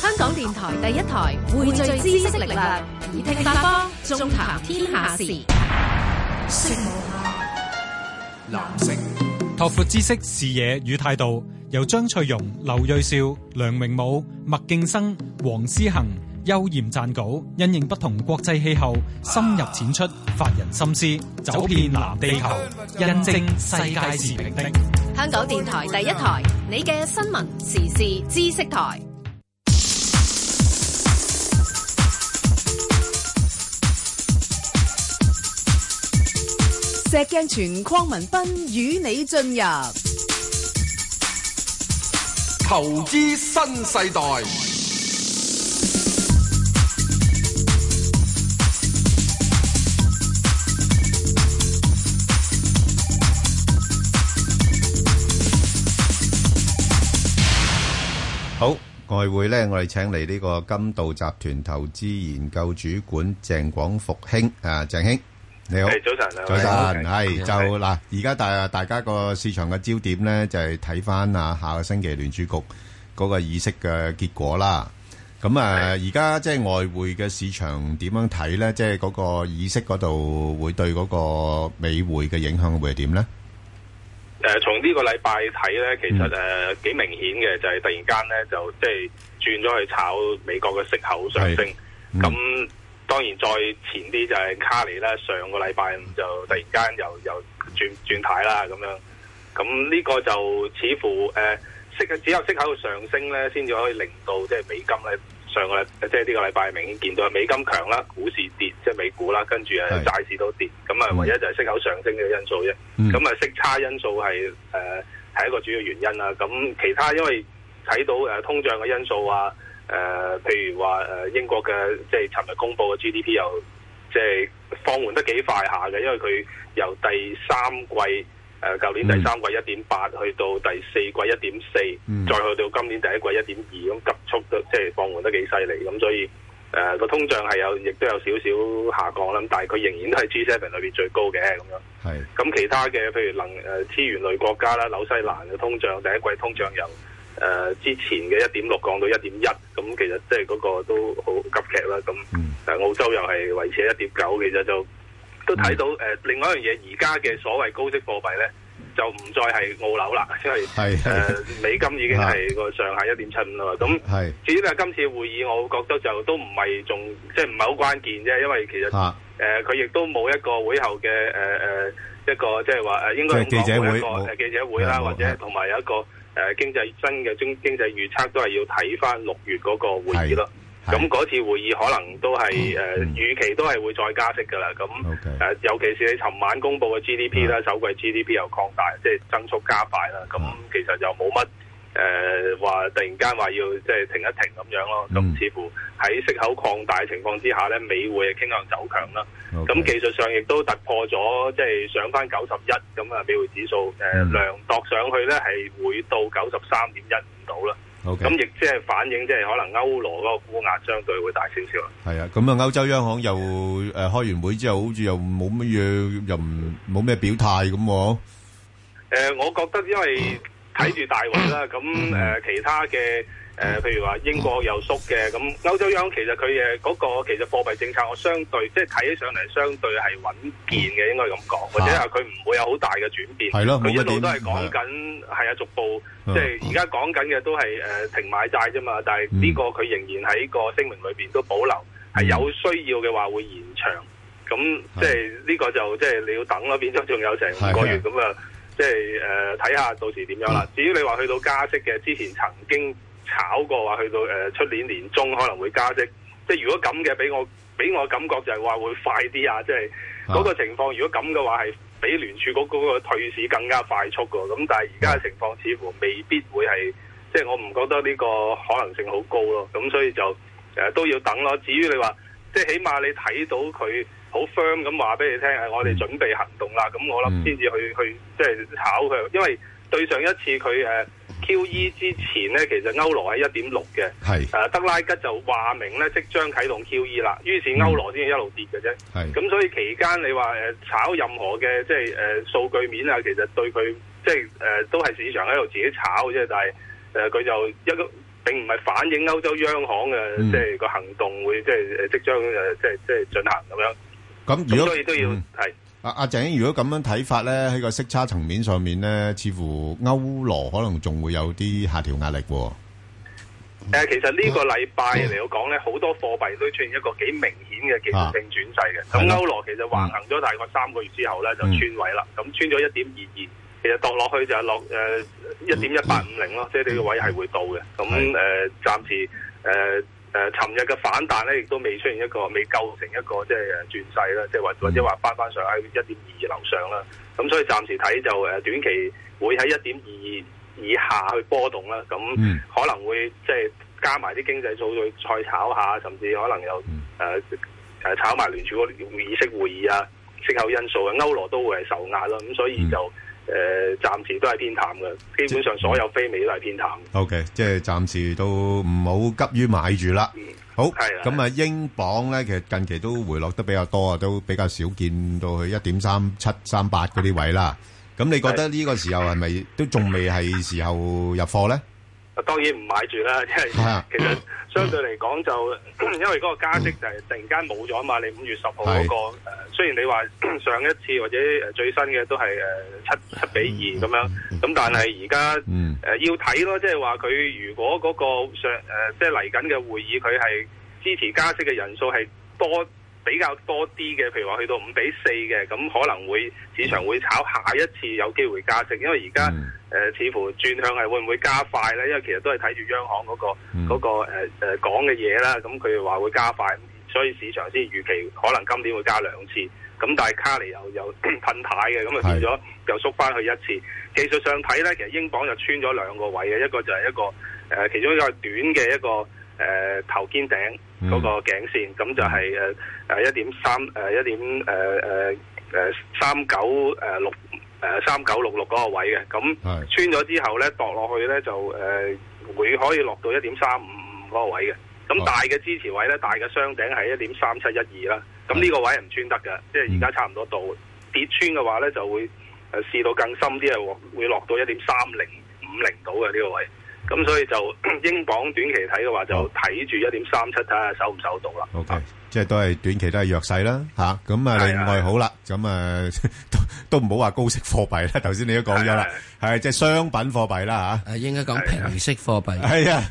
香港電台第一台匯聚知識力量，耳聽八方，縱談天下事，藍色，拓闊知識視野與態度，由張翠容、劉銳紹、梁榮武、麥敬生、黃思恒、邱賢撰稿，因應不同國際氣候，深入淺出，發人深思，走遍藍地球，印證正慣世界是平的香港電台第一台，你嘅的新聞時事知識台。石鏡泉鄺民彬與你進入投資新世代。好，外匯呢，我哋請嚟呢個金道集團投資研究主管鄭廣福興啊，鄭興。你好，早晨，早晨，係就嗱，而家大大家個市場嘅焦點咧，就係睇翻啊，下個星期聯儲局嗰個議息嘅結果啦。咁啊，而家即係外匯嘅市場點樣睇咧？即係嗰個議息嗰度會對嗰個美匯嘅影響會係點咧？誒，從呢個禮拜睇咧，其實誒幾明顯嘅，就係突然間咧就即係轉咗去炒美國嘅息口上升，咁。當然，再前啲就係卡尼啦，上個禮拜就突然間又又轉轉態啦咁樣。咁呢個就似乎誒息、呃、只有息口上升咧，先至可以令到即係、就是、美金咧上個即係呢個禮拜明顯見到啊，美金強啦，股市跌即係、就是、美股啦，跟住啊債市都跌。咁啊是，唯一就係息口上升嘅因素啫。咁啊、嗯，息差因素係誒係一個主要原因啦。咁、啊、其他因為睇到誒、啊、通脹嘅因素啊。誒、呃，譬如話誒、呃，英國嘅即係尋日公布嘅 GDP 又即係放緩得幾快下嘅，因為佢由第三季誒，舊、呃、年第三季一點八去到第四季一點四，再去到今年第一季一點二，咁急速都即係放緩得幾犀利，咁所以誒個、呃、通脹係有，亦都有少少下降啦，但係佢仍然都係 G seven 裏邊最高嘅咁樣。係是，咁其他嘅譬如能誒資、呃、源類國家啦，紐西蘭嘅通脹第一季通脹又。誒、呃，之前嘅一點六降到一點一，咁其實即係嗰個都好急劇啦。咁，誒，澳洲又係維持一點九，其實就都睇到誒、嗯呃，另外一樣嘢，而家嘅所謂高息貨幣咧，就唔再係澳樓啦，因為誒、啊呃、美金已經係個上限一點七五啦。咁那，啊、至於咧今次會議，我覺得就都唔係仲即係唔係好關鍵啫，因為其實誒，佢亦都冇一個會後嘅誒誒一個即係話誒，應該講一個誒記者會啦、啊，或者同埋有一個、啊。誒、啊、經濟新嘅經經濟預測都係要睇翻六月嗰個會議咯，咁嗰次會議可能都係誒預期都係會再加息㗎啦，咁誒 Okay.、呃、尤其是你尋晚公布嘅 GDP 啦、嗯，首季 GDP 又擴大，即、就、係、是、增速加快啦，咁、嗯嗯、其實就冇乜。誒，話、呃、突然間話要即係停一停咁樣咯，咁、嗯、似乎喺息口擴大情況之下咧，美匯傾向走強啦。咁 Okay. 技術上亦都突破咗，即、就、係、是、上返九十一，咁啊、嗯，美匯指數誒量度上去咧係會到九十三點一五度啦。咁亦即係反映即係可能歐羅嗰個沽壓相對會大少少。係啊，咁啊，歐洲央行又誒、呃、開完會之後，好似又冇乜嘢，又冇咩表態咁、啊。誒、呃，我覺得因為。嗯睇住大圍啦，咁誒其他嘅誒，譬如話英國又縮嘅，咁歐洲央行其實佢誒嗰個其實貨幣政策，我相對即係睇起上嚟相對係穩健嘅，應該咁講，或者話佢唔會有好大嘅轉變。係咯，佢一路都係講緊係啊，逐步即係而家講緊嘅都係誒停買債啫嘛。但係呢個佢仍然喺個聲明裏邊都保留，係有需要嘅話會延長。咁即係呢個就即係你要等咯，變咗仲有成五個月咁啊。即係誒，睇、呃、下到時點樣啦。至於你話去到加息嘅，之前曾經炒過話去到誒出、呃、年年中可能會加息。即係如果咁嘅，俾我俾我感覺就係話會快啲啊！即係嗰、啊、個情況，如果咁嘅話，係比聯儲嗰個退市更加快速嘅。咁但係而家嘅情況似乎未必會係，即係我唔覺得呢個可能性好高咯。咁所以就誒、呃、都要等咯。至於你話，即係起碼你睇到佢。好 firm 咁話俾你聽，係我哋準備行動啦。咁我諗先至去去即係炒佢，因為對上一次佢誒 QE 之前咧，其實歐羅係一點六嘅。係誒德拉吉就話明咧即將啟動 QE 啦，於是歐羅先至一路跌嘅啫。係咁，所以期間你話誒炒任何嘅即係誒數據面啊，其實對佢即係誒都係市場喺度自己炒嘅啫。但係誒佢就一個並唔係反映歐洲央行嘅即係個行動會即係即將誒即係即係進行咁樣。咁如果，都係阿阿鄭英，如果咁樣睇法咧，喺個息差層面上面咧，似乎歐羅可能仲會有啲下調壓力喎。其實呢個禮拜嚟講咧，好多貨幣都出現一個幾明顯嘅技術性轉勢嘅。咁歐羅其實橫行咗大概三個月之後咧，就穿位啦。咁穿咗一點二二，其實跌落去就係落誒一點一八五零咯。即係呢個位係會到嘅。咁誒，暫時誒。誒，尋、呃、日嘅反彈咧，亦都未出現一個，未構成一個即係誒轉勢啦，即係或或者話返返上喺一點二二樓上啦。咁所以暫時睇就誒、呃、短期會喺一點二二以下去波動啦。咁可能會即係加埋啲經濟數據再炒下，甚至可能有誒誒炒埋聯儲嗰個議息會議啊，息口因素啊，歐羅都會係受壓啦。咁所以就。嗯誒、呃，暫時都係偏淡嘅，基本上所有非美都係偏淡。OK，即係暫時都唔好急於買住啦。好，係啦。咁啊，英鎊咧，其實近期都回落得比較多啊，都比較少見到佢一點三七三八嗰啲位啦。咁你覺得呢個時候係咪都仲未係時候入貨咧？.啊，當然唔買住啦，因為其實相對嚟講就，因為嗰個加息就係突然間冇咗嘛。你五月十號嗰個誒，是雖然你話上一次或者最新嘅都係誒七七比二咁樣，咁但係而家誒要睇咯、就是那個，即係話佢如果嗰個上誒即係嚟緊嘅會議，佢係支持加息嘅人數係多。比較多啲嘅，譬如話去到五比四嘅，咁可能會市場會炒下一次有機會加息。因為而家誒似乎轉向係會唔會加快呢？因為其實都係睇住央行嗰、個嗰、個誒、誒、講嘅嘢啦，咁佢話會加快，所以市場先預期可能今年會加兩次。咁但係卡尼又又噴 <coughs> 太嘅，咁啊變咗又縮翻去一次。技術上睇呢，其實英鎊就穿咗兩個位嘅，一個就係一個誒、呃，其中一個短嘅一個。誒、呃、頭肩頂嗰個頸線，咁、嗯、就係誒誒一點三誒一點誒誒誒三九誒六誒三九六六嗰個位嘅，咁穿咗之後咧，墮落去咧就誒、uh, 會可以落到一點三五五嗰個位嘅，咁大嘅支持位咧，哦、大嘅雙頂係一點三七一二啦，咁呢個位唔穿得嘅，即係而家差唔多到跌穿嘅話咧，就會試到更深啲，係會落到一點三零五零度嘅呢個位。咁所以就 <coughs> 英鎊短期睇嘅話，oh. 就睇住一點三七睇下收唔收到啦。Okay. 即係都係短期都係弱勢啦，嚇咁啊另外好啦，咁啊都都唔好話高息貨幣啦，頭先你都講咗啦，係即係商品貨幣啦嚇。誒應該講平息貨幣。係啊，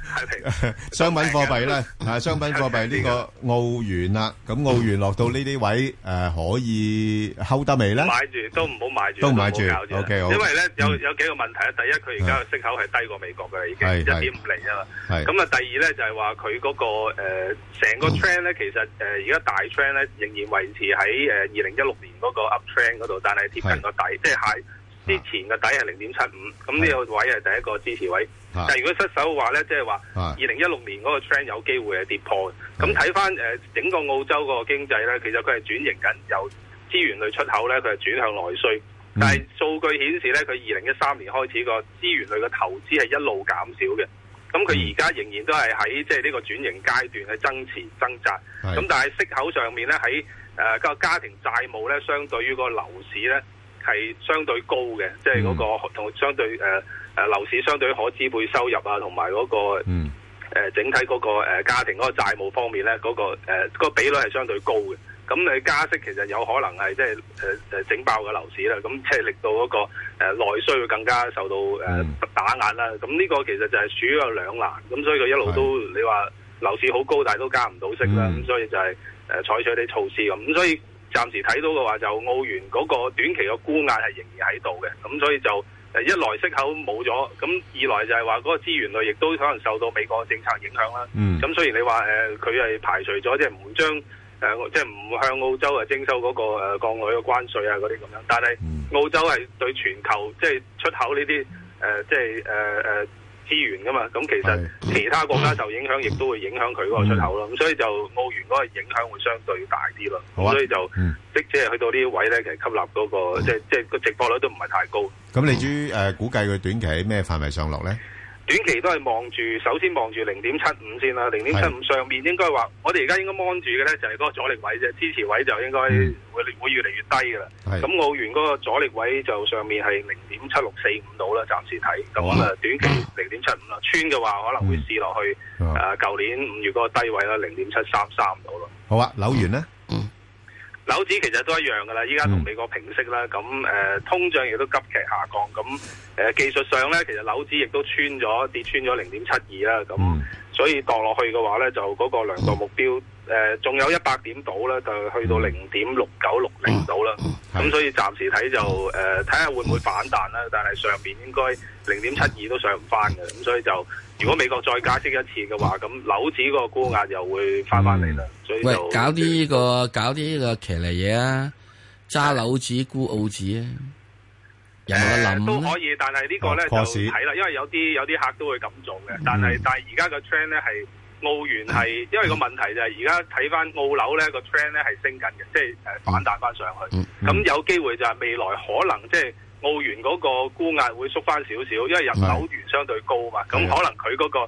商品貨幣啦，啊商品貨幣呢個澳元啦，咁澳元落到呢啲位誒可以 hold 得未咧？買住都唔好買住，都唔好買住。O K 好。因為咧有有幾個問題啊，第一，佢而家嘅息口係低過美國㗎喇，已經一點五釐啊嘛。係。咁啊第二咧，就係話佢嗰個誒成個 trend 咧，其實誒。而家大 trend 咧仍然維持喺誒二零一六年嗰個 up trend 嗰度，但係貼近個底，是即係係之前個底係零點七五，咁呢個位係第一個支持位。是但係如果失手嘅話咧，即係話二零一六年嗰個 trend 有機會係跌破嘅。咁睇翻誒整個澳洲個經濟咧，其實佢係轉型緊由資源類出口咧，佢係轉向內需，是但係數據顯示咧，佢二零一三年開始個資源類嘅投資係一路減少嘅。咁佢而家仍然都係喺即係呢個轉型階段去增錢掙扎，咁是但係息口上面咧喺誒個家庭債務咧，相對於個樓市咧係相對高嘅，即係嗰個同相對誒誒、呃、樓市相對可支配收入啊，同埋嗰個誒、嗯呃、整體嗰個家庭嗰個債務方面咧，嗰、那個誒個、呃、比率係相對高嘅。咁你加息其實有可能係即係誒誒整爆個樓市啦，咁即係令到嗰個誒、呃、內需會更加受到誒、呃、打壓啦。咁呢個其實就係處於兩難，咁所以佢一路都的你話樓市好高，但係都加唔到息啦。咁的所以就係、是、誒、呃、採取啲措施咁。咁所以暫時睇到嘅話，就澳元嗰個短期嘅沽壓係仍然喺度嘅。咁所以就一來息口冇咗，咁二來就係話嗰個資源類亦都可能受到美國政策影響啦。咁所以你話誒佢係排除咗，即係唔會將誒、呃、即係唔向澳洲誒徵收嗰、那個鋼鋁嘅關稅啊嗰啲咁樣，但係澳洲係對全球即係出口呢啲誒即係誒誒資源噶嘛，咁其實其他國家受影響，亦都會影響佢嗰個出口咯。咁、嗯、所以就澳元嗰個影響會相對大啲咯，啊、所以就即係去到呢啲位咧，其實吸納嗰、那個、嗯、即係即係個值博率都唔係太高。咁你至於誒、嗯 uh, 估計佢短期喺咩範圍上落咧？短期都係望住，首先望住零點七五先啦，零點七五上面應該話，我哋而家應該望住嘅呢就係嗰個阻力位啫，支持位就應該會會越嚟越低噶啦。咁、嗯、澳元嗰個阻力位就上面係零點七六四五度啦，暫時睇。咁啊，短期零點七五啦， <coughs> 穿嘅話可能會試落去誒，舊、嗯啊、年五月嗰個低位啦，零點七三三到咯。好啊，紐元呢？嗯樓指其實都一樣噶啦，依家同美國平息啦，咁誒、呃、通脹亦都急劇下降，咁誒、呃、技術上咧，其實樓指亦都穿咗跌穿咗零點七二啦，咁、嗯、所以墮落去嘅話咧，就嗰個量度目標誒，仲、呃、有一百點到咧，就去到零點六九六零到啦，咁、嗯嗯嗯、所以暫時睇就誒睇下會唔會反彈啦，但係上邊應該零點七二都上唔翻嘅，咁所以就。如果美國再加息一次嘅話，咁樓、嗯、子個高壓又會翻翻嚟啦。嗯、所以搞啲、這、呢個搞啲呢個騎呢嘢啊，揸樓子、沽澳紙啊。嗯、有冇得諗咧？都可以，但係呢個咧、嗯、就睇啦，因為有啲有啲客都會咁做嘅、嗯。但係但係而家個 trend 咧係澳元係，因為個問題就係而家睇翻澳樓咧個 trend 咧係升緊嘅，即係誒反彈翻上去。咁、嗯嗯嗯、有機會就係未來可能即係。就是澳元嗰個估壓會縮翻少少，因為日紐元相對高嘛，咁、嗯、可能佢嗰、那個、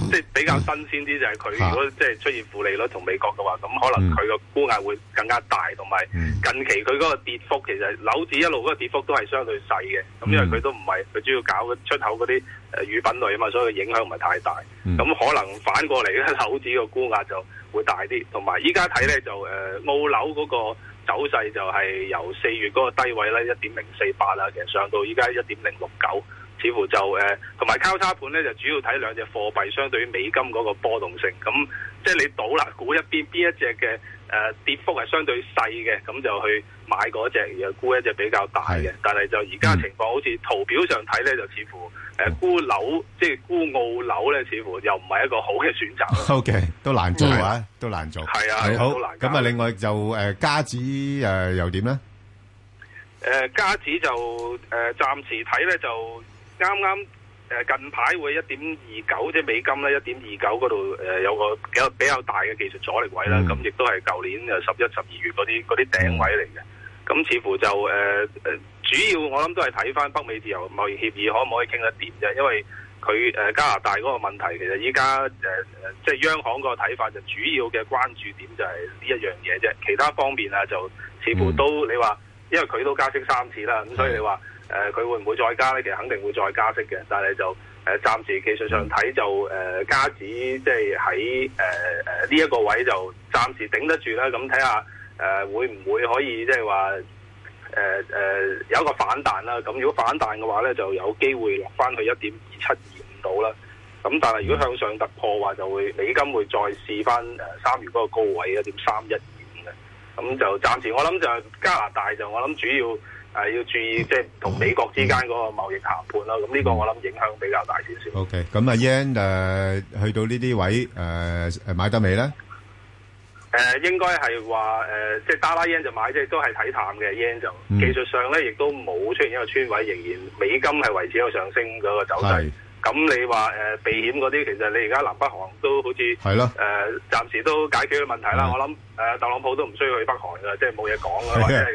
嗯、即係比較新鮮啲，就係佢如果即係出現負利率同美國嘅話，咁可能佢個估壓會更加大，同埋近期佢嗰個跌幅其實紐元一路嗰個跌幅都係相對細嘅，咁因為佢都唔係佢主要搞出口嗰啲誒乳品類啊嘛，所以佢影響唔係太大。咁、嗯、可能反過嚟咧，紐元個估壓就會大啲，同埋依家睇咧就誒、呃、澳紐嗰、那個。走勢就係由四月嗰個低位咧一點零四八啦，其實上到依家一點零六九，似乎就誒，同、呃、埋交叉盤咧就主要睇兩隻貨幣相對於美金嗰個波動性，咁、嗯、即係你賭啦，估一邊邊一隻嘅。誒、呃、跌幅係相對細嘅，咁就去買嗰隻，然後沽一隻比較大嘅。的但係就而家情況，嗯、好似圖表上睇咧，就似乎誒、呃、沽樓，即係沽澳樓咧，似乎又唔係一個好嘅選擇。OK，都難做的啊，都難做。係啊，係好難。咁啊，另外就誒、呃、加指誒又點咧？誒加指就誒暫、呃、時睇咧，就啱啱。誒近排會一點二九即係美金咧，一點二九嗰度誒有個比較比較大嘅技術阻力位啦。咁亦都係舊年誒十一、十二月嗰啲啲頂位嚟嘅。咁、嗯、似乎就誒誒、呃，主要我諗都係睇翻北美自由貿易協議可唔可以傾得掂啫。因為佢誒、呃、加拿大嗰個問題，其實依家誒誒即係央行個睇法就主要嘅關注點就係呢一樣嘢啫。其他方面啊，就似乎都、嗯、你話，因為佢都加息三次啦，咁所以你話。嗯誒佢、呃、會唔會再加呢？其實肯定會再加息嘅，但係就誒暫、呃、時技術上睇就誒、呃、加指即係喺誒誒呢一個位就暫時頂得住啦。咁睇下誒會唔會可以即係話誒誒有一個反彈啦。咁如果反彈嘅話咧，就有機會落翻去一點二七二五度啦。咁但係如果向上突破話，就會美金會再試翻誒三月嗰個高位一點三一二五嘅。咁就暫時我諗就加拿大就我諗主要。誒、啊、要注意，即係同美國之間嗰個貿易談判啦。咁呢、嗯、個我諗影響比較大少少。OK，咁啊 yen 誒去到呢啲位誒誒、呃、買得未咧？誒、嗯、應該係話誒，即係打拉 yen 就買，即、就、係、是、都係睇淡嘅 yen 就。嗯、技術上咧，亦都冇出現一個穿位，仍然美金係維持一個上升嗰個走勢。咁是、嗯嗯、你話誒、呃、避險嗰啲，其實你而家南北韓都好似係咯誒，暫時都解決咗問題啦。是我諗誒，特朗普都唔需要去北韓㗎，即係冇嘢講㗎。寶貼的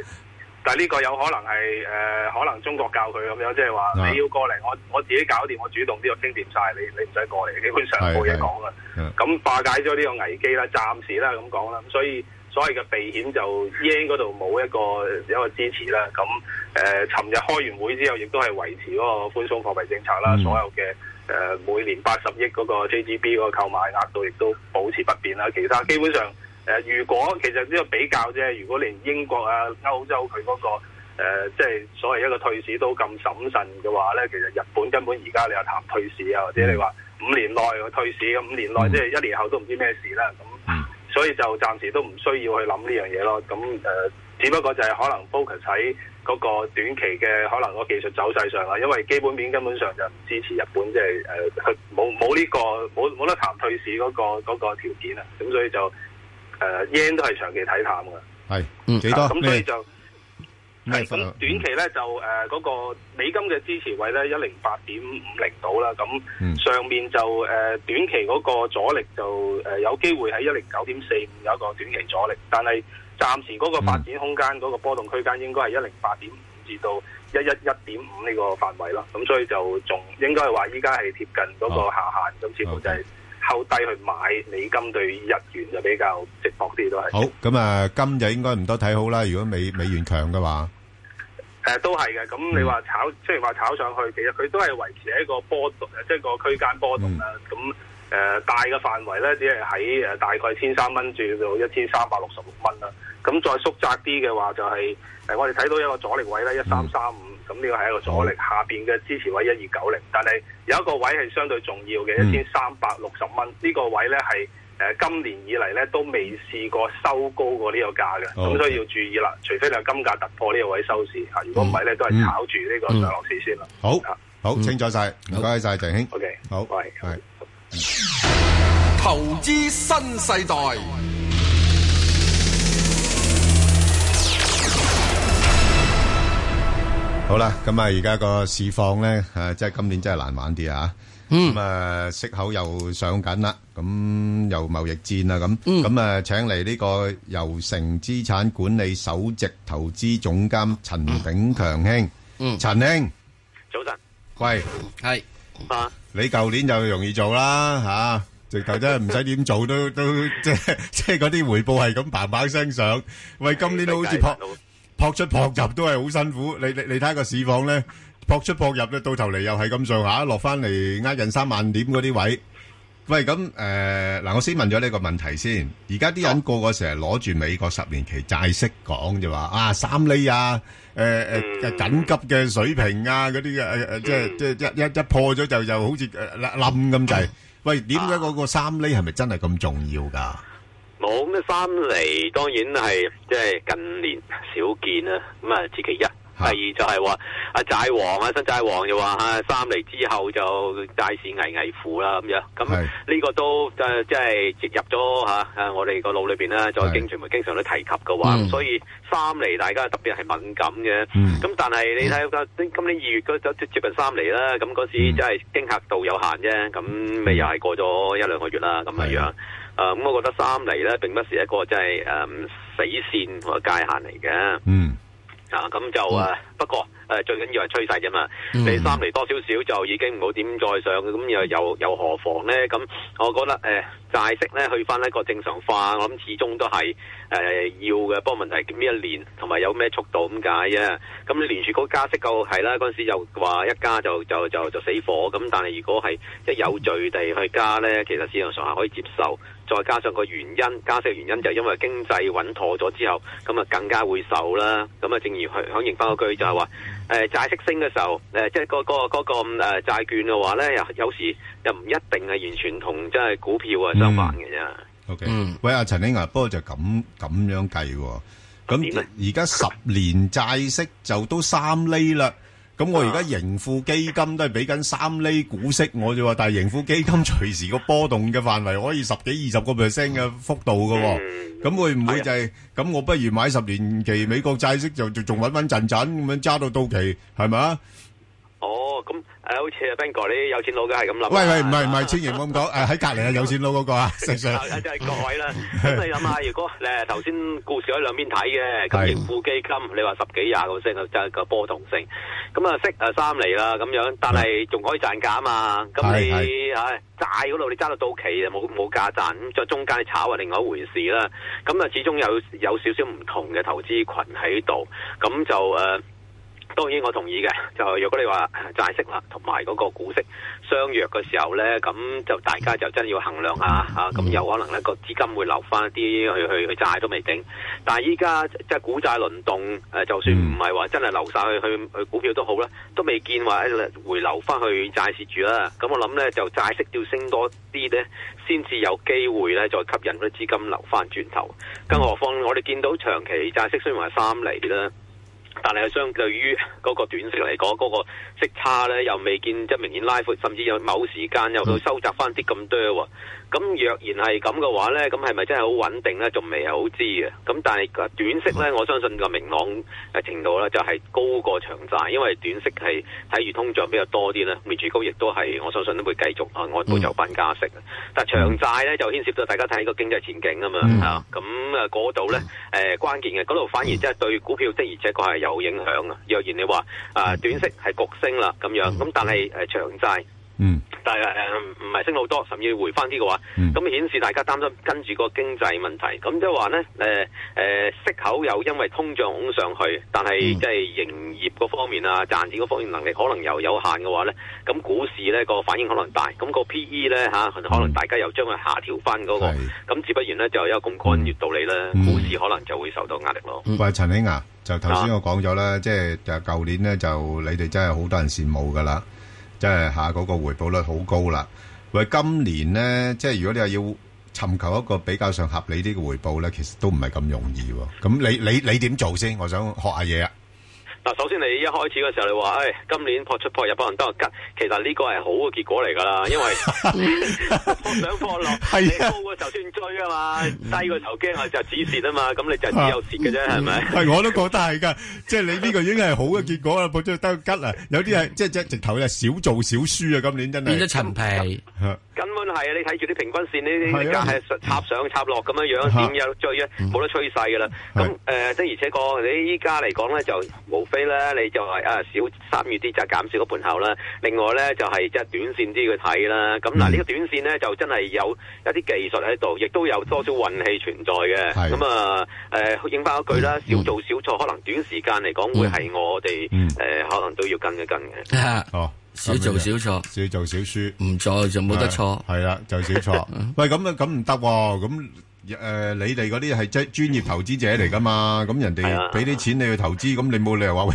但係呢個有可能係誒、呃，可能中國教佢咁樣，即係話你要過嚟，我我自己搞掂，我主動呢個清掂晒。你你唔使過嚟，基本上冇嘢講啦。咁化解咗呢個危機啦，暫時啦咁講啦。咁所以所謂嘅避險就 Yen 嗰度冇一個一個支持啦。咁、啊、誒，尋日開完會之後，亦都係維持嗰個寬鬆貨幣政策啦，所有嘅誒、呃、每年八十億嗰個 JGB 嗰個購買額度亦都保持不變啦。其他基本上。誒、呃，如果其實呢個比較啫，如果連英國啊、歐洲佢嗰、嗰個、呃、即係所謂一個退市都咁審慎嘅話咧，其實日本根本而家你又談退市啊，或者你話五年內退市，五年內即係一年後都唔知咩事啦。咁，所以就暫時都唔需要去諗呢樣嘢咯。咁誒、呃，只不過就係可能 focus 喺嗰個短期嘅可能個技術走勢上啦，因為基本面根本上就唔支持日本，即係誒冇冇呢個冇冇得談退市嗰個嗰個條件啊。咁所以就。誒，yen、呃、都係長期睇淡噶係，幾多？咁所以就係咁，短期咧就誒嗰個美金嘅支持位咧，一零八點五零度啦，咁上面就誒短期嗰個阻力就誒、呃、有機會喺一零九點四五有一個短期阻力，但係暫時嗰個發展空間嗰個波動區間應該係一零八點五至到一一一點五呢個範圍啦，咁所以就仲應該係話依家係貼近嗰個下限，咁似乎就係。哦 okay。扣低去買美金對日元就比較值博啲都係。好，咁啊，金就應該唔多睇好啦。如果美美元強嘅話，誒、呃、都係嘅。咁你話炒、嗯、雖然話炒上去，其實佢都係維持喺一個波動誒，即、就、係、是、個區間波動啦。咁誒、嗯呃、大嘅範圍咧，只係喺誒大概千三蚊至到一千三百六十六蚊啦。咁再縮窄啲嘅話、就是，就係誒我哋睇到一個阻力位咧，一三三五。嗯咁呢個係一個阻力，下邊嘅支持位一二九零，但係有一個位係相對重要嘅一千三百六十蚊呢個位咧係誒今年以嚟咧都未試過收高過呢個價嘅，咁所以要注意啦，除非你係金價突破呢個位收市，吓，如果唔係咧都係炒住呢個上落市先啦。好，好，清楚晒，唔該晒，鄭兄，OK，好，係，係，投資新世代。好啦，咁啊，而家個市況咧，誒，即係今年真係難玩啲啊！咁啊，息口又上緊啦，咁又貿易戰啦，咁咁啊，請嚟呢個油城資產管理首席投資總監陳炳強兄，嗯，陳兄，早晨，喂，係啊，你舊年就容易做啦，吓，直頭真係唔使點做都都，即係即係嗰啲回報係咁嘭嘭聲上，喂，今年都好似撲。撲出撲入都係好辛苦，你你你睇個市況咧，撲出撲入咧，到頭嚟又係咁上下，落翻嚟呃近三萬點嗰啲位。喂，咁誒嗱，我先問咗你個問題先。而家啲人個個成日攞住美國十年期債息講，就話啊三厘啊，誒誒緊急嘅水平啊，嗰啲嘅誒誒，即係即係一一一破咗就就好似冧咁滯。喂，點解嗰個三厘係咪真係咁重要噶？冇咁，三厘當然係即係近年少見啦。咁啊，至其一，第二就係話阿債王啊，新債王又話嚇三厘之後就債市危危扶啦咁樣。咁呢個都即係植入咗嚇我哋個腦裏邊啦，就經傳媒經常都提及嘅話，的嗯、所以三厘大家特別係敏感嘅。咁、嗯嗯、但係你睇今年二月就接近三厘啦，咁嗰時真係驚嚇度有限啫。咁咪又係過咗一兩個月啦，咁嘅樣。誒咁，嗯、我覺得三厘咧並不是一個即係誒死線同埋界限嚟嘅。嗯，嗯啊咁就誒、嗯、不過誒最緊要係趨勢啫嘛。嗯、你三厘多少少就已經唔好點再上，咁又又又何妨咧？咁、嗯、我覺得誒、呃、債息咧去翻一個正常化，我諗始終都係誒、呃、要嘅。不過問題係呢一年同埋有咩速度咁解啫。咁你連住嗰個加息個係啦，嗰陣時又話一加就就就就死火。咁但係如果係即係有序地去加咧，其實市場上係可以接受。再加上個原因，加息個原因就係因為經濟穩妥咗之後，咁啊更加會受啦。咁啊，正如響應翻嗰句就係話，誒、呃、債息升嘅時候，誒、呃、即係、嗰個、嗰個嗰、嗰個債券嘅話咧，又有，有時又唔一定係完全同即係股票啊相反嘅啫。嗯，喂，阿陳鈺啊，不過就咁咁樣計喎。咁而家十年債息就都三厘啦。 <laughs> 咁我而家盈富基金都係俾緊三厘股息，我就話，但係盈富基金隨時個波動嘅範圍可以十幾二十個 percent 嘅幅度噶，咁、嗯、會唔會就係、是、咁？哎、呀我不如買十年期美國債息就稍稍稍稍稍稍，就就仲穩穩陣陣，咁樣揸到到期，係咪啊？咁誒，好似阿 Ben 哥，or, 你有錢佬嘅係咁諗。喂喂，唔係唔係，千祈唔好咁講誒，喺 <laughs> 隔離啊，有錢佬嗰、那個 <laughs> 啊，石 Sir。即係各位啦。咁你諗下，如果你頭先故事喺兩邊睇嘅，咁年富基金你話十幾廿個 percent 就係個波動性。咁啊，息啊三厘啦咁樣，但係仲可以賺價啊嘛。咁你誒、啊、債嗰度你揸到到期就冇冇價賺。咁在中間炒啊，另外一回事啦。咁啊，始終有有少少唔同嘅投資群喺度，咁就誒。呃當然我同意嘅，就係如果你話債息啦，同埋嗰個股息相若嘅時候呢，咁就大家就真係要衡量下嚇，咁有可能呢個資金會留翻一啲去去去債都未定，但係依家即係股債輪動，就算唔係話真係留晒去去，去股票都好啦，都未見話回流翻去債市住啦，咁我諗呢就債息要升多啲呢，先至有機會呢再吸引啲資金流翻轉頭，更何況我哋見到長期債息雖然話三厘啦。但係相對於嗰個短息嚟講，嗰個息差咧又未見即明顯拉闊，甚至有某時間又去收窄翻啲咁多喎。咁若然係咁嘅話咧，咁係咪真係好穩定咧？仲未係好知嘅。咁但係短息咧，嗯、我相信個明朗誒程度咧就係高過長債，因為短息係睇住通脹比較多啲咧。維持高亦都係我相信都會繼續啊，按部就班加息、嗯、但係長債咧就牽涉到大家睇呢個經濟前景啊嘛吓。咁啊度到咧誒關鍵嘅嗰度，反而即係對股票的而且確係有影響啊。若然你話啊短息係局升啦咁樣，咁、嗯嗯、但係誒長債。嗯，但係誒唔唔係升好多，甚至回翻啲嘅話，咁顯、嗯、示大家擔心跟住個經濟問題，咁即係話咧，誒、呃、誒息口又因為通脹拱上去，但係即係營業嗰方面啊，賺錢嗰方面能力可能又有，有限嘅話咧，咁股市咧個反應可能大，咁、那個 P E 咧吓、啊，可能大家又將佢下調翻、那、嗰個，咁自、嗯、不然咧就有一個咁抗跌道理咧，嗯嗯、股市可能就會受到壓力咯。喂，陳穎雅，就頭先我講咗啦，即係就舊年咧就你哋真係好多人羨慕噶啦。即係下嗰個回報率好高啦，喂，今年咧，即係如果你話要尋求一個比較上合理啲嘅回報咧，其實都唔係咁容易喎。咁你你你點做先？我想學下嘢啊！首先你一開始嘅時候你話，誒今年破出破入可能都係吉，其實呢個係好嘅結果嚟㗎啦，因為破上破落，高嘅時候先追啊嘛，低嘅時候驚係就止蝕啊嘛，咁你就只有蝕嘅啫，係咪？係我都覺得係㗎，即係你呢個已經係好嘅結果啦，破出得吉啊，有啲係即係即直頭係少做少輸啊，今年真係變咗陳皮，根本係啊！你睇住啲平均線，你你價係插上插落咁樣樣，點樣追啊？冇得趨勢㗎啦。咁誒，即係而且講你依家嚟講咧，就無所咧你就係啊少三月啲就減少個盤口啦，另外咧就係即係短線啲去睇啦。咁嗱呢個短線咧就真係有一啲技術喺度，亦都有多少運氣存在嘅。咁啊誒，應翻一句啦，少做少錯，可能短時間嚟講會係我哋誒可能都要跟一跟嘅。哦，少做少錯，少做少輸，唔錯就冇得錯。係啦，就少錯。喂，咁樣咁唔得喎，咁。誒，你哋嗰啲係即係專業投資者嚟噶嘛？咁人哋俾啲錢你去投資，咁你冇理由話喂，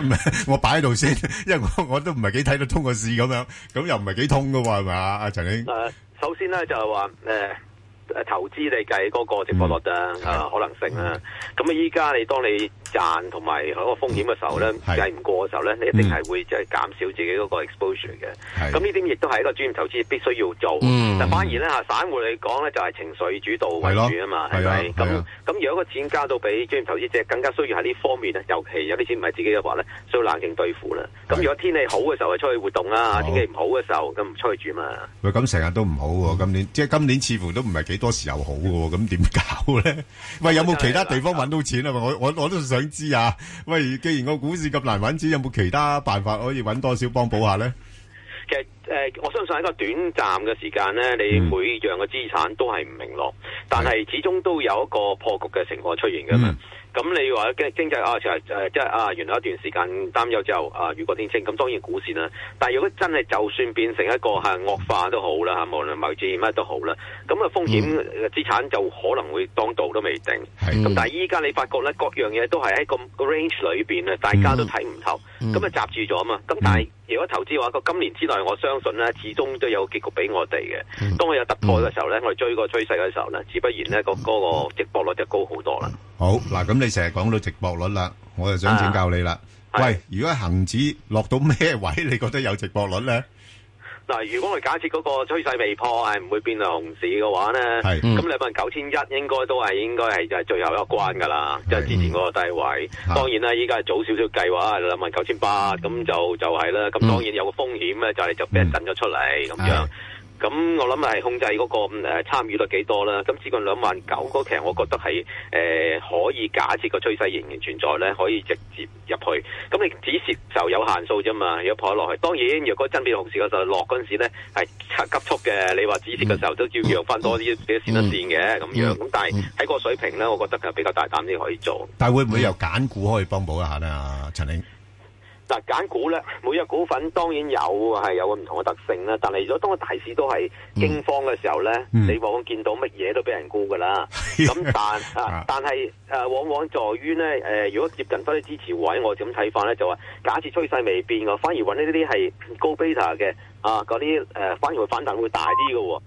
唔係我擺喺度先，因為我我都唔係幾睇得通個市咁樣，咁又唔係幾通噶喎，係咪？阿陳兄。誒，首先咧就係話誒誒，投資你計嗰個值博率啦，啊可能性啦。咁啊，依家你當你，賺同埋嗰個風險嘅時候咧，計唔過嘅時候咧，你一定係會即係減少自己嗰個 exposure 嘅。咁呢啲亦都係一個專業投資必須要做。嗯，反而咧嚇，散戶嚟講咧，就係情緒主導為主啊嘛，係咪？咁咁如果個錢加到比專業投資者更加需要，喺呢方面尤其有啲錢唔係自己嘅話咧，需要冷靜對付啦。咁如果天氣好嘅時候去出去活動啦，天氣唔好嘅時候咁唔出去住嘛。喂，咁成日都唔好喎，今年即係今年似乎都唔係幾多時候好喎，咁點搞咧？喂，有冇其他地方揾到錢啊？我我我都想知啊。喂，既然個股市咁難揾錢，有冇其他辦法可以揾多少幫補下呢？其實、呃、我相信喺一個短暫嘅時間呢，你每樣嘅資產都係唔明朗，但係始終都有一個破局嘅情況出現㗎嘛。嗯咁你話經經濟啊，就係即係啊，原來一段時間擔憂之後啊，雨過天晴。咁當然股市啦，但係如果真係就算變成一個係、啊、惡化都好啦，嚇、啊，無論貿戰乜都好啦，咁啊風險、嗯、資產就可能會當道都未定。咁的、嗯、但係依家你發覺咧，各樣嘢都係喺個個 range 裏邊咧，大家都睇唔透，咁啊集住咗嘛。咁但係如果投資嘅話，個今年之內我相信咧，始終都有結局俾我哋嘅。當我有突破嘅時候咧，我哋追個趨勢嘅時候咧，只不然咧個嗰個直播率，率就高好多啦。好嗱，咁你成日講到值博率啦，我就想請教你啦。啊、喂，是如果恒指落到咩位你覺得有值博率咧？嗱，如果我假設嗰個趨勢未破，係唔會變到熊市嘅話咧，咁、嗯、兩萬九千一應該都係應該係就係最後一關噶啦，即係是之前嗰個低位。是當然啦，依家早少少計劃，兩萬九千八，咁就就係啦。咁當然有個風險咧，嗯、就係就俾人震咗出嚟咁樣。嗯是咁我諗係控制嗰個咁誒參與率幾多啦？咁只近兩萬九嗰，其實我覺得係誒、呃、可以假設個趨勢仍然存在咧，可以直接入去。咁你止蝕就有限數啫嘛，如果破落去，當然若果真變紅時嘅就落嗰陣時咧係急速嘅。你話止蝕嘅時候都要揚翻多啲幾多線一線嘅咁樣。咁但係喺個水平咧，我覺得比較大膽啲可以做。但係會唔會由揀股可以幫補一下咧、啊？陳兄。嗱，揀股咧，每一股份當然有係有個唔同嘅特性啦。但係如果當個大市都係驚慌嘅時候咧，嗯、你往往見到乜嘢都俾人沽噶啦。咁 <laughs> 但啊，但係誒、啊、往往在於咧誒，如果接近多啲支持位，我咁睇法咧就話，假設趨勢未變嘅，反而揾呢啲係高 beta 嘅啊，嗰啲誒反而會反彈會大啲嘅喎。